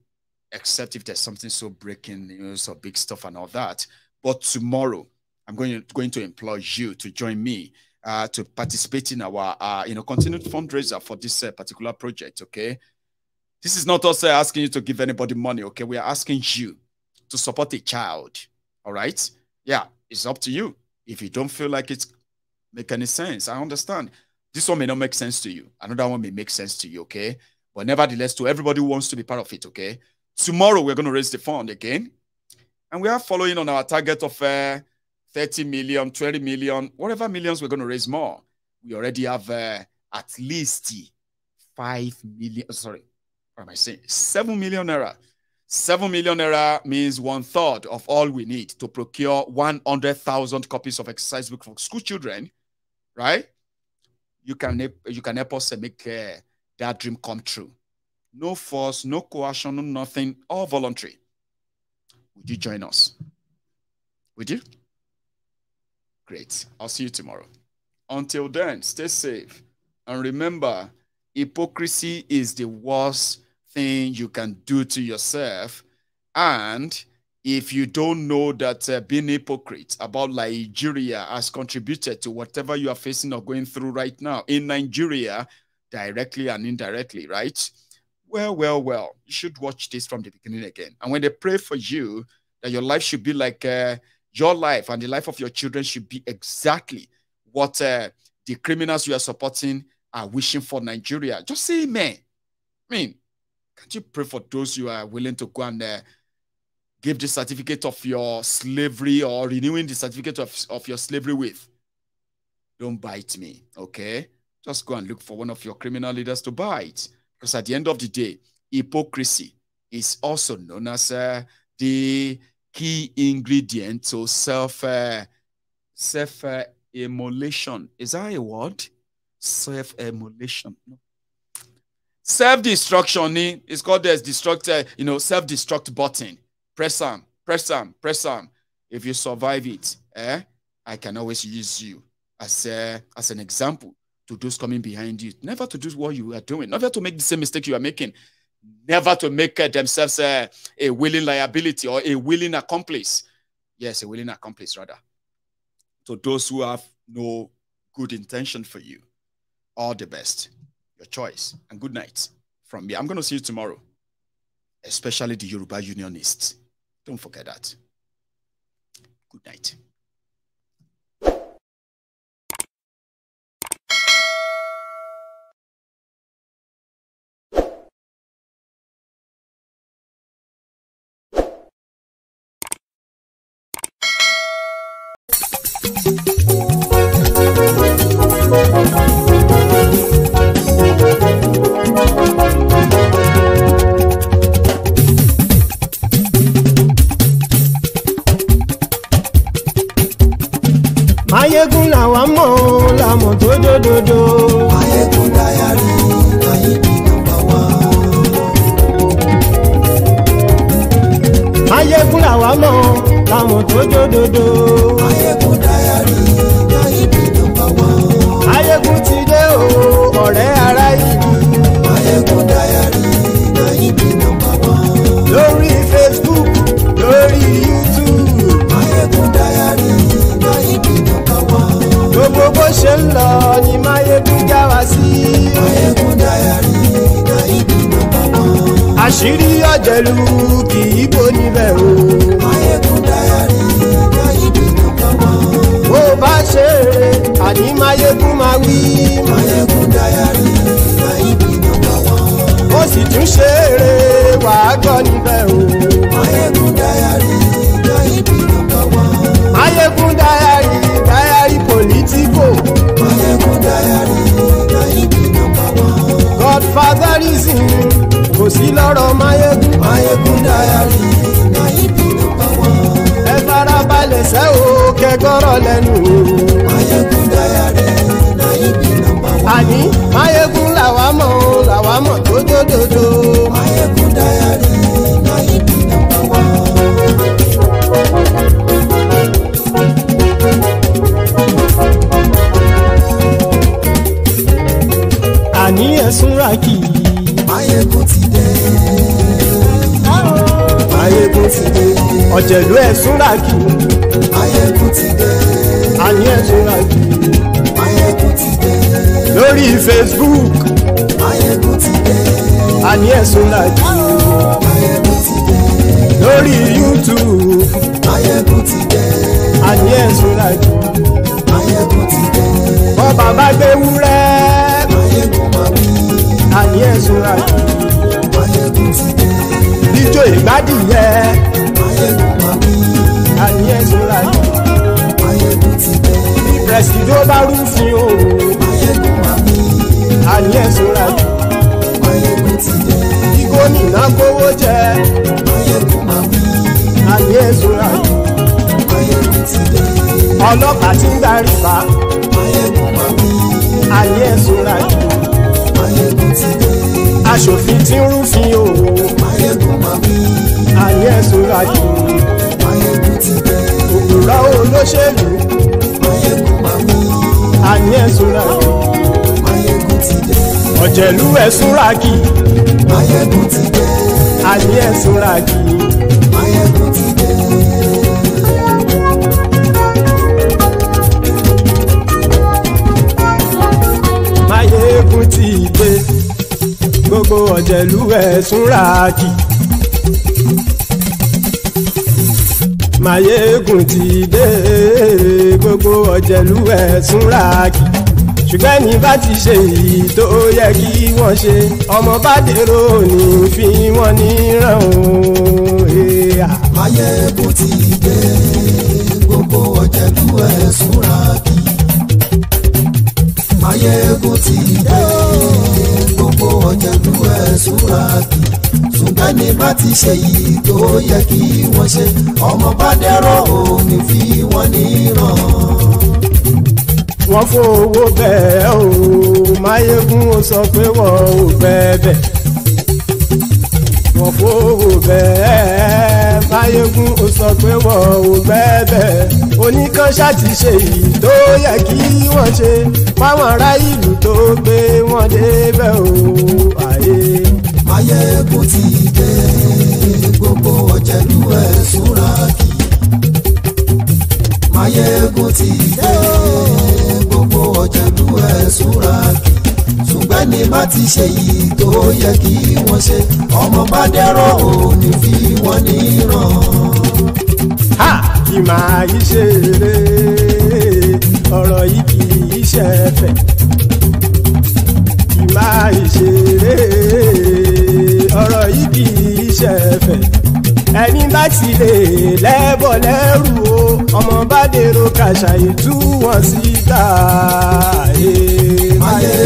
except if there's something so breaking news or big stuff and all that. But tomorrow, I'm going to, going to implore you to join me uh, to participate in our uh, you know continued fundraiser for this uh, particular project. Okay, this is not us uh, asking you to give anybody money. Okay, we are asking you to support a child. All right, yeah, it's up to you. If you don't feel like it's make any sense, I understand. This one may not make sense to you. Another one may make sense to you. Okay, but nevertheless, to everybody who wants to be part of it. Okay, Tomorrow, we're going to raise the fund again. And we are following on our target of uh, 30 million, 20 million, whatever millions we're going to raise more. We already have uh, at least 5 million, uh, sorry, what am I saying? 7 million naira. 7 million naira means one third of all we need to procure 100,000 copies of exercise book for school children, right? You can, you can help us make uh, that dream come true no force, no coercion, no nothing, all voluntary. Would you join us? Would you? Great. I'll see you tomorrow. Until then, stay safe. And remember, hypocrisy is the worst thing you can do to yourself. And if you don't know that uh, being hypocrite about Nigeria has contributed to whatever you are facing or going through right now in Nigeria, directly and indirectly, right? well, well, well, you should watch this from the beginning again. And when they pray for you, that your life should be like uh, your life and the life of your children should be exactly what uh, the criminals you are supporting are wishing for Nigeria. Just say amen. I mean, can't you pray for those you are willing to go and uh, give the certificate of your slavery or renewing the certificate of, of your slavery with? Don't bite me, okay? Just go and look for one of your criminal leaders to bite. Because at the end of the day, hypocrisy is also known as uh, the key ingredient to self uh, self uh, emulation. Is that a word? Self emulation. No. Self destruction It's called as destructor. Uh, you know, self destruct button. Press them, press them, press them. If you survive it, eh, I can always use you as a, uh, as an example to those coming behind you, never to do what you are doing, never to make the same mistake you are making, never to make uh, themselves uh, a willing liability or a willing accomplice. Yes, a willing accomplice, rather. To those who have no good intention for you, all the best. Your choice. And good night from me. I'm going to see you tomorrow, especially the Yoruba Unionists. Don't forget that. Good night.
lọ́rọ̀ mayegun. mayegun diary mayegun nọ́mbà one. ẹ farabalẹ̀ sẹ́ o kẹgọ́rọ̀ lẹ́nu o. mayegun diary mayegun nọ́mbà one. àní mayegun làwa mọ̀ o làwa mọ̀ tó dódòdó. mayegun diary mayegun nọ́mbà one. àní ẹ̀sùn rákì. Máyégún ti ti dé. ọ̀jẹ̀lú ẹ̀ súnra kì í. ayẹ̀kú ti dé. àní ẹ̀ súnra kì í. ayẹ̀kú ti dé. lórí Facebook. ayẹ̀kú ti dé. àní ẹ̀ súnra kì í. ayẹ̀kú ti dé. lórí YouTube. ayẹ̀kú ti dé. àní ẹ̀ súnra kì í. ayẹ̀kú ti dé. bọ́ bàbá gbé wúrẹ́. ayẹ̀kú mami. àní ẹ̀ súnra kì í. ayẹ̀kú ti dé jó ìgbádìí yẹn. ayégun mami. àníyàn tó la yìí. ayégun ti bẹ́. bí pẹ̀sìdó bá rúfin o. ayégun mami. àníyàn tó la yìí. ayégun ti bẹ́. kí gómìnà kówó jẹ. ayégun mami. tó la yìí. ayégun ti bẹ́. ọlọ́pàá ti ń darí bá. ayégun mami. àníyàn tó la yìí. ayégun ti bẹ́ aṣòfin tí ń rúfin o. máyégún máa bí. ayé ẹ̀sùn rájò. máyégún ti dé. òkúra olóṣèlú. máyégún máa bí. ayé ẹ̀sùn rájò. máyégún ti dé. ọ̀jẹ̀lú ẹ̀sùn rájì. máyégún ti dé. ayé ẹ̀sùn rájì. máyégún epo ọ̀jẹ̀lú ẹ̀sùn ràákì. Màyégùn ti dé gbogbo ọ̀jẹ̀lú ẹ̀sùn ràákì. Ṣùgbọ́n ẹni bá ti ṣe èyí tó yẹ kí wọ́n ṣe ọmọ bá dèrò ní fi wọ́n níran òun. Màyégùn ti dé gbogbo ọ̀jẹ̀lú ẹ̀sùn ràákì. Màyégùn ti dé ọ̀jẹ̀lú ẹ̀ súra kì ṣùgbẹ́ni bá ti ṣe yìí tó yẹ kí wọ́n ṣe ọmọ bá dẹ́rọ̀ òní fi wọ́n níran. wọ́n fowó bẹ́ẹ̀ o máyégún sọ pé wọ́n ò bẹ́ẹ̀ bẹ́ẹ̀ wọ́n kó o bẹ́ẹ̀ báyégún ó sọ pé wọ́n ò bẹ́ẹ̀ bẹ́ẹ̀ oníkanṣá ti ṣe èyí tó yẹ kí wọ́n ṣe fáwọn ará ìlú tó gbé wọn débẹ̀ o àyè. báyégún ti dé gbogbo ọ̀jẹ̀lú ẹ̀ súnra kì í báyégún ti dé gbogbo ọ̀jẹ̀lú ẹ̀ súnra kì í ẹni má ti ṣe yìí tó yẹ kí wọ́n ṣe ọmọ bá dẹ́rọ̀ ò ní fi wọ́n níran. ha kì máa yí ṣe eré ọ̀rọ̀ yìí kì í ṣe ẹ̀fẹ̀ kì máa yí ṣe eré ọ̀rọ̀ yìí kì í ṣe ẹ̀fẹ̀ ẹni bá ti lè lẹ́bọ̀ lẹ́rù o ọmọ bá dèrò kàṣà ìtú wọn síta. ayé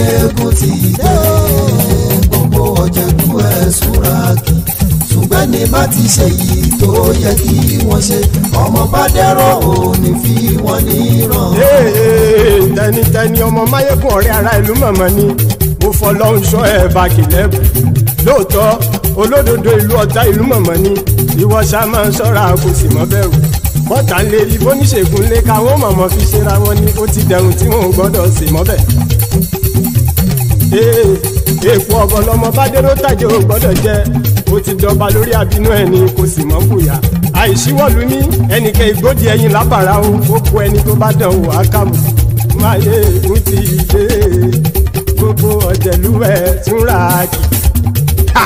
ìṣẹ́gun ti dé gbogbo ọ̀jẹ̀dù ẹ̀ súra kì ṣùgbọ́n ní bá ti ṣe yìí tó yẹ kí wọ́n ṣe ọmọ bá dẹ́rọ̀ ò ní fi wọ́n ní ràn. tẹnitẹni ọmọ máyégún ọ̀rẹ́ ara ìlú mọ̀mọ́ ni mo fọlọ́hún sọ ẹ̀ bàkìlẹ́bù lóòótọ́ olódodo ìlú ọ̀tá ìlú mọ̀mọ́ ni ìwọ ṣá máa ń ṣọ́ra kò sì mọ́ bẹ̀rù bọ́tà ń lé ibóníṣègùn lé káwọn mọ̀mọ́ fi ṣera wọn ni ó ti dẹrùn tí wọn ò gbọ́dọ̀ sè mọ́bẹ̀ èèpo ọ̀bọ lọmọ bádẹ́rọ́ tàjẹ́ ò gbọ́dọ̀ jẹ ó ti dọba lórí abinú ẹni kò sì mọ́ fòyà àìsíwọ́lu ní ẹnìkẹ́ ìgbódì ẹyin lábàrá o ó kó ẹni tó bá dàn wò á kà mọ́ máyé ń ti dé gbogbo ọ̀jẹ̀lúwẹ̀ túnra kì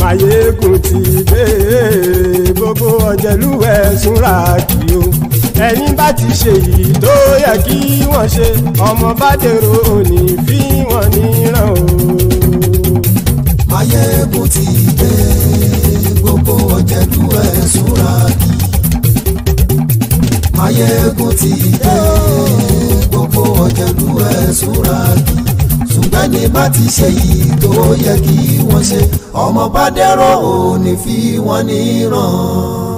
máyé kò ti dé gbogbo ọ̀jẹ̀lúwẹ̀ túnra kì o ẹ̀yin bá ti ṣe èyí tó yẹ kí wọ́n ṣe ọmọ bá dèrò òní fi wọ́n níran o. ayé kò tí ì dé gbogbo ọ̀jẹ̀lú ẹ̀ súnra kì ayé kò tí ì dé gbogbo ọ̀jẹ̀lú ẹ̀ súnra kì ṣùgbọ́n ní bá ti ṣe èyí tó yẹ kí wọ́n ṣe ọmọ bá dẹ́rọ̀ òní fi wọ́n níran.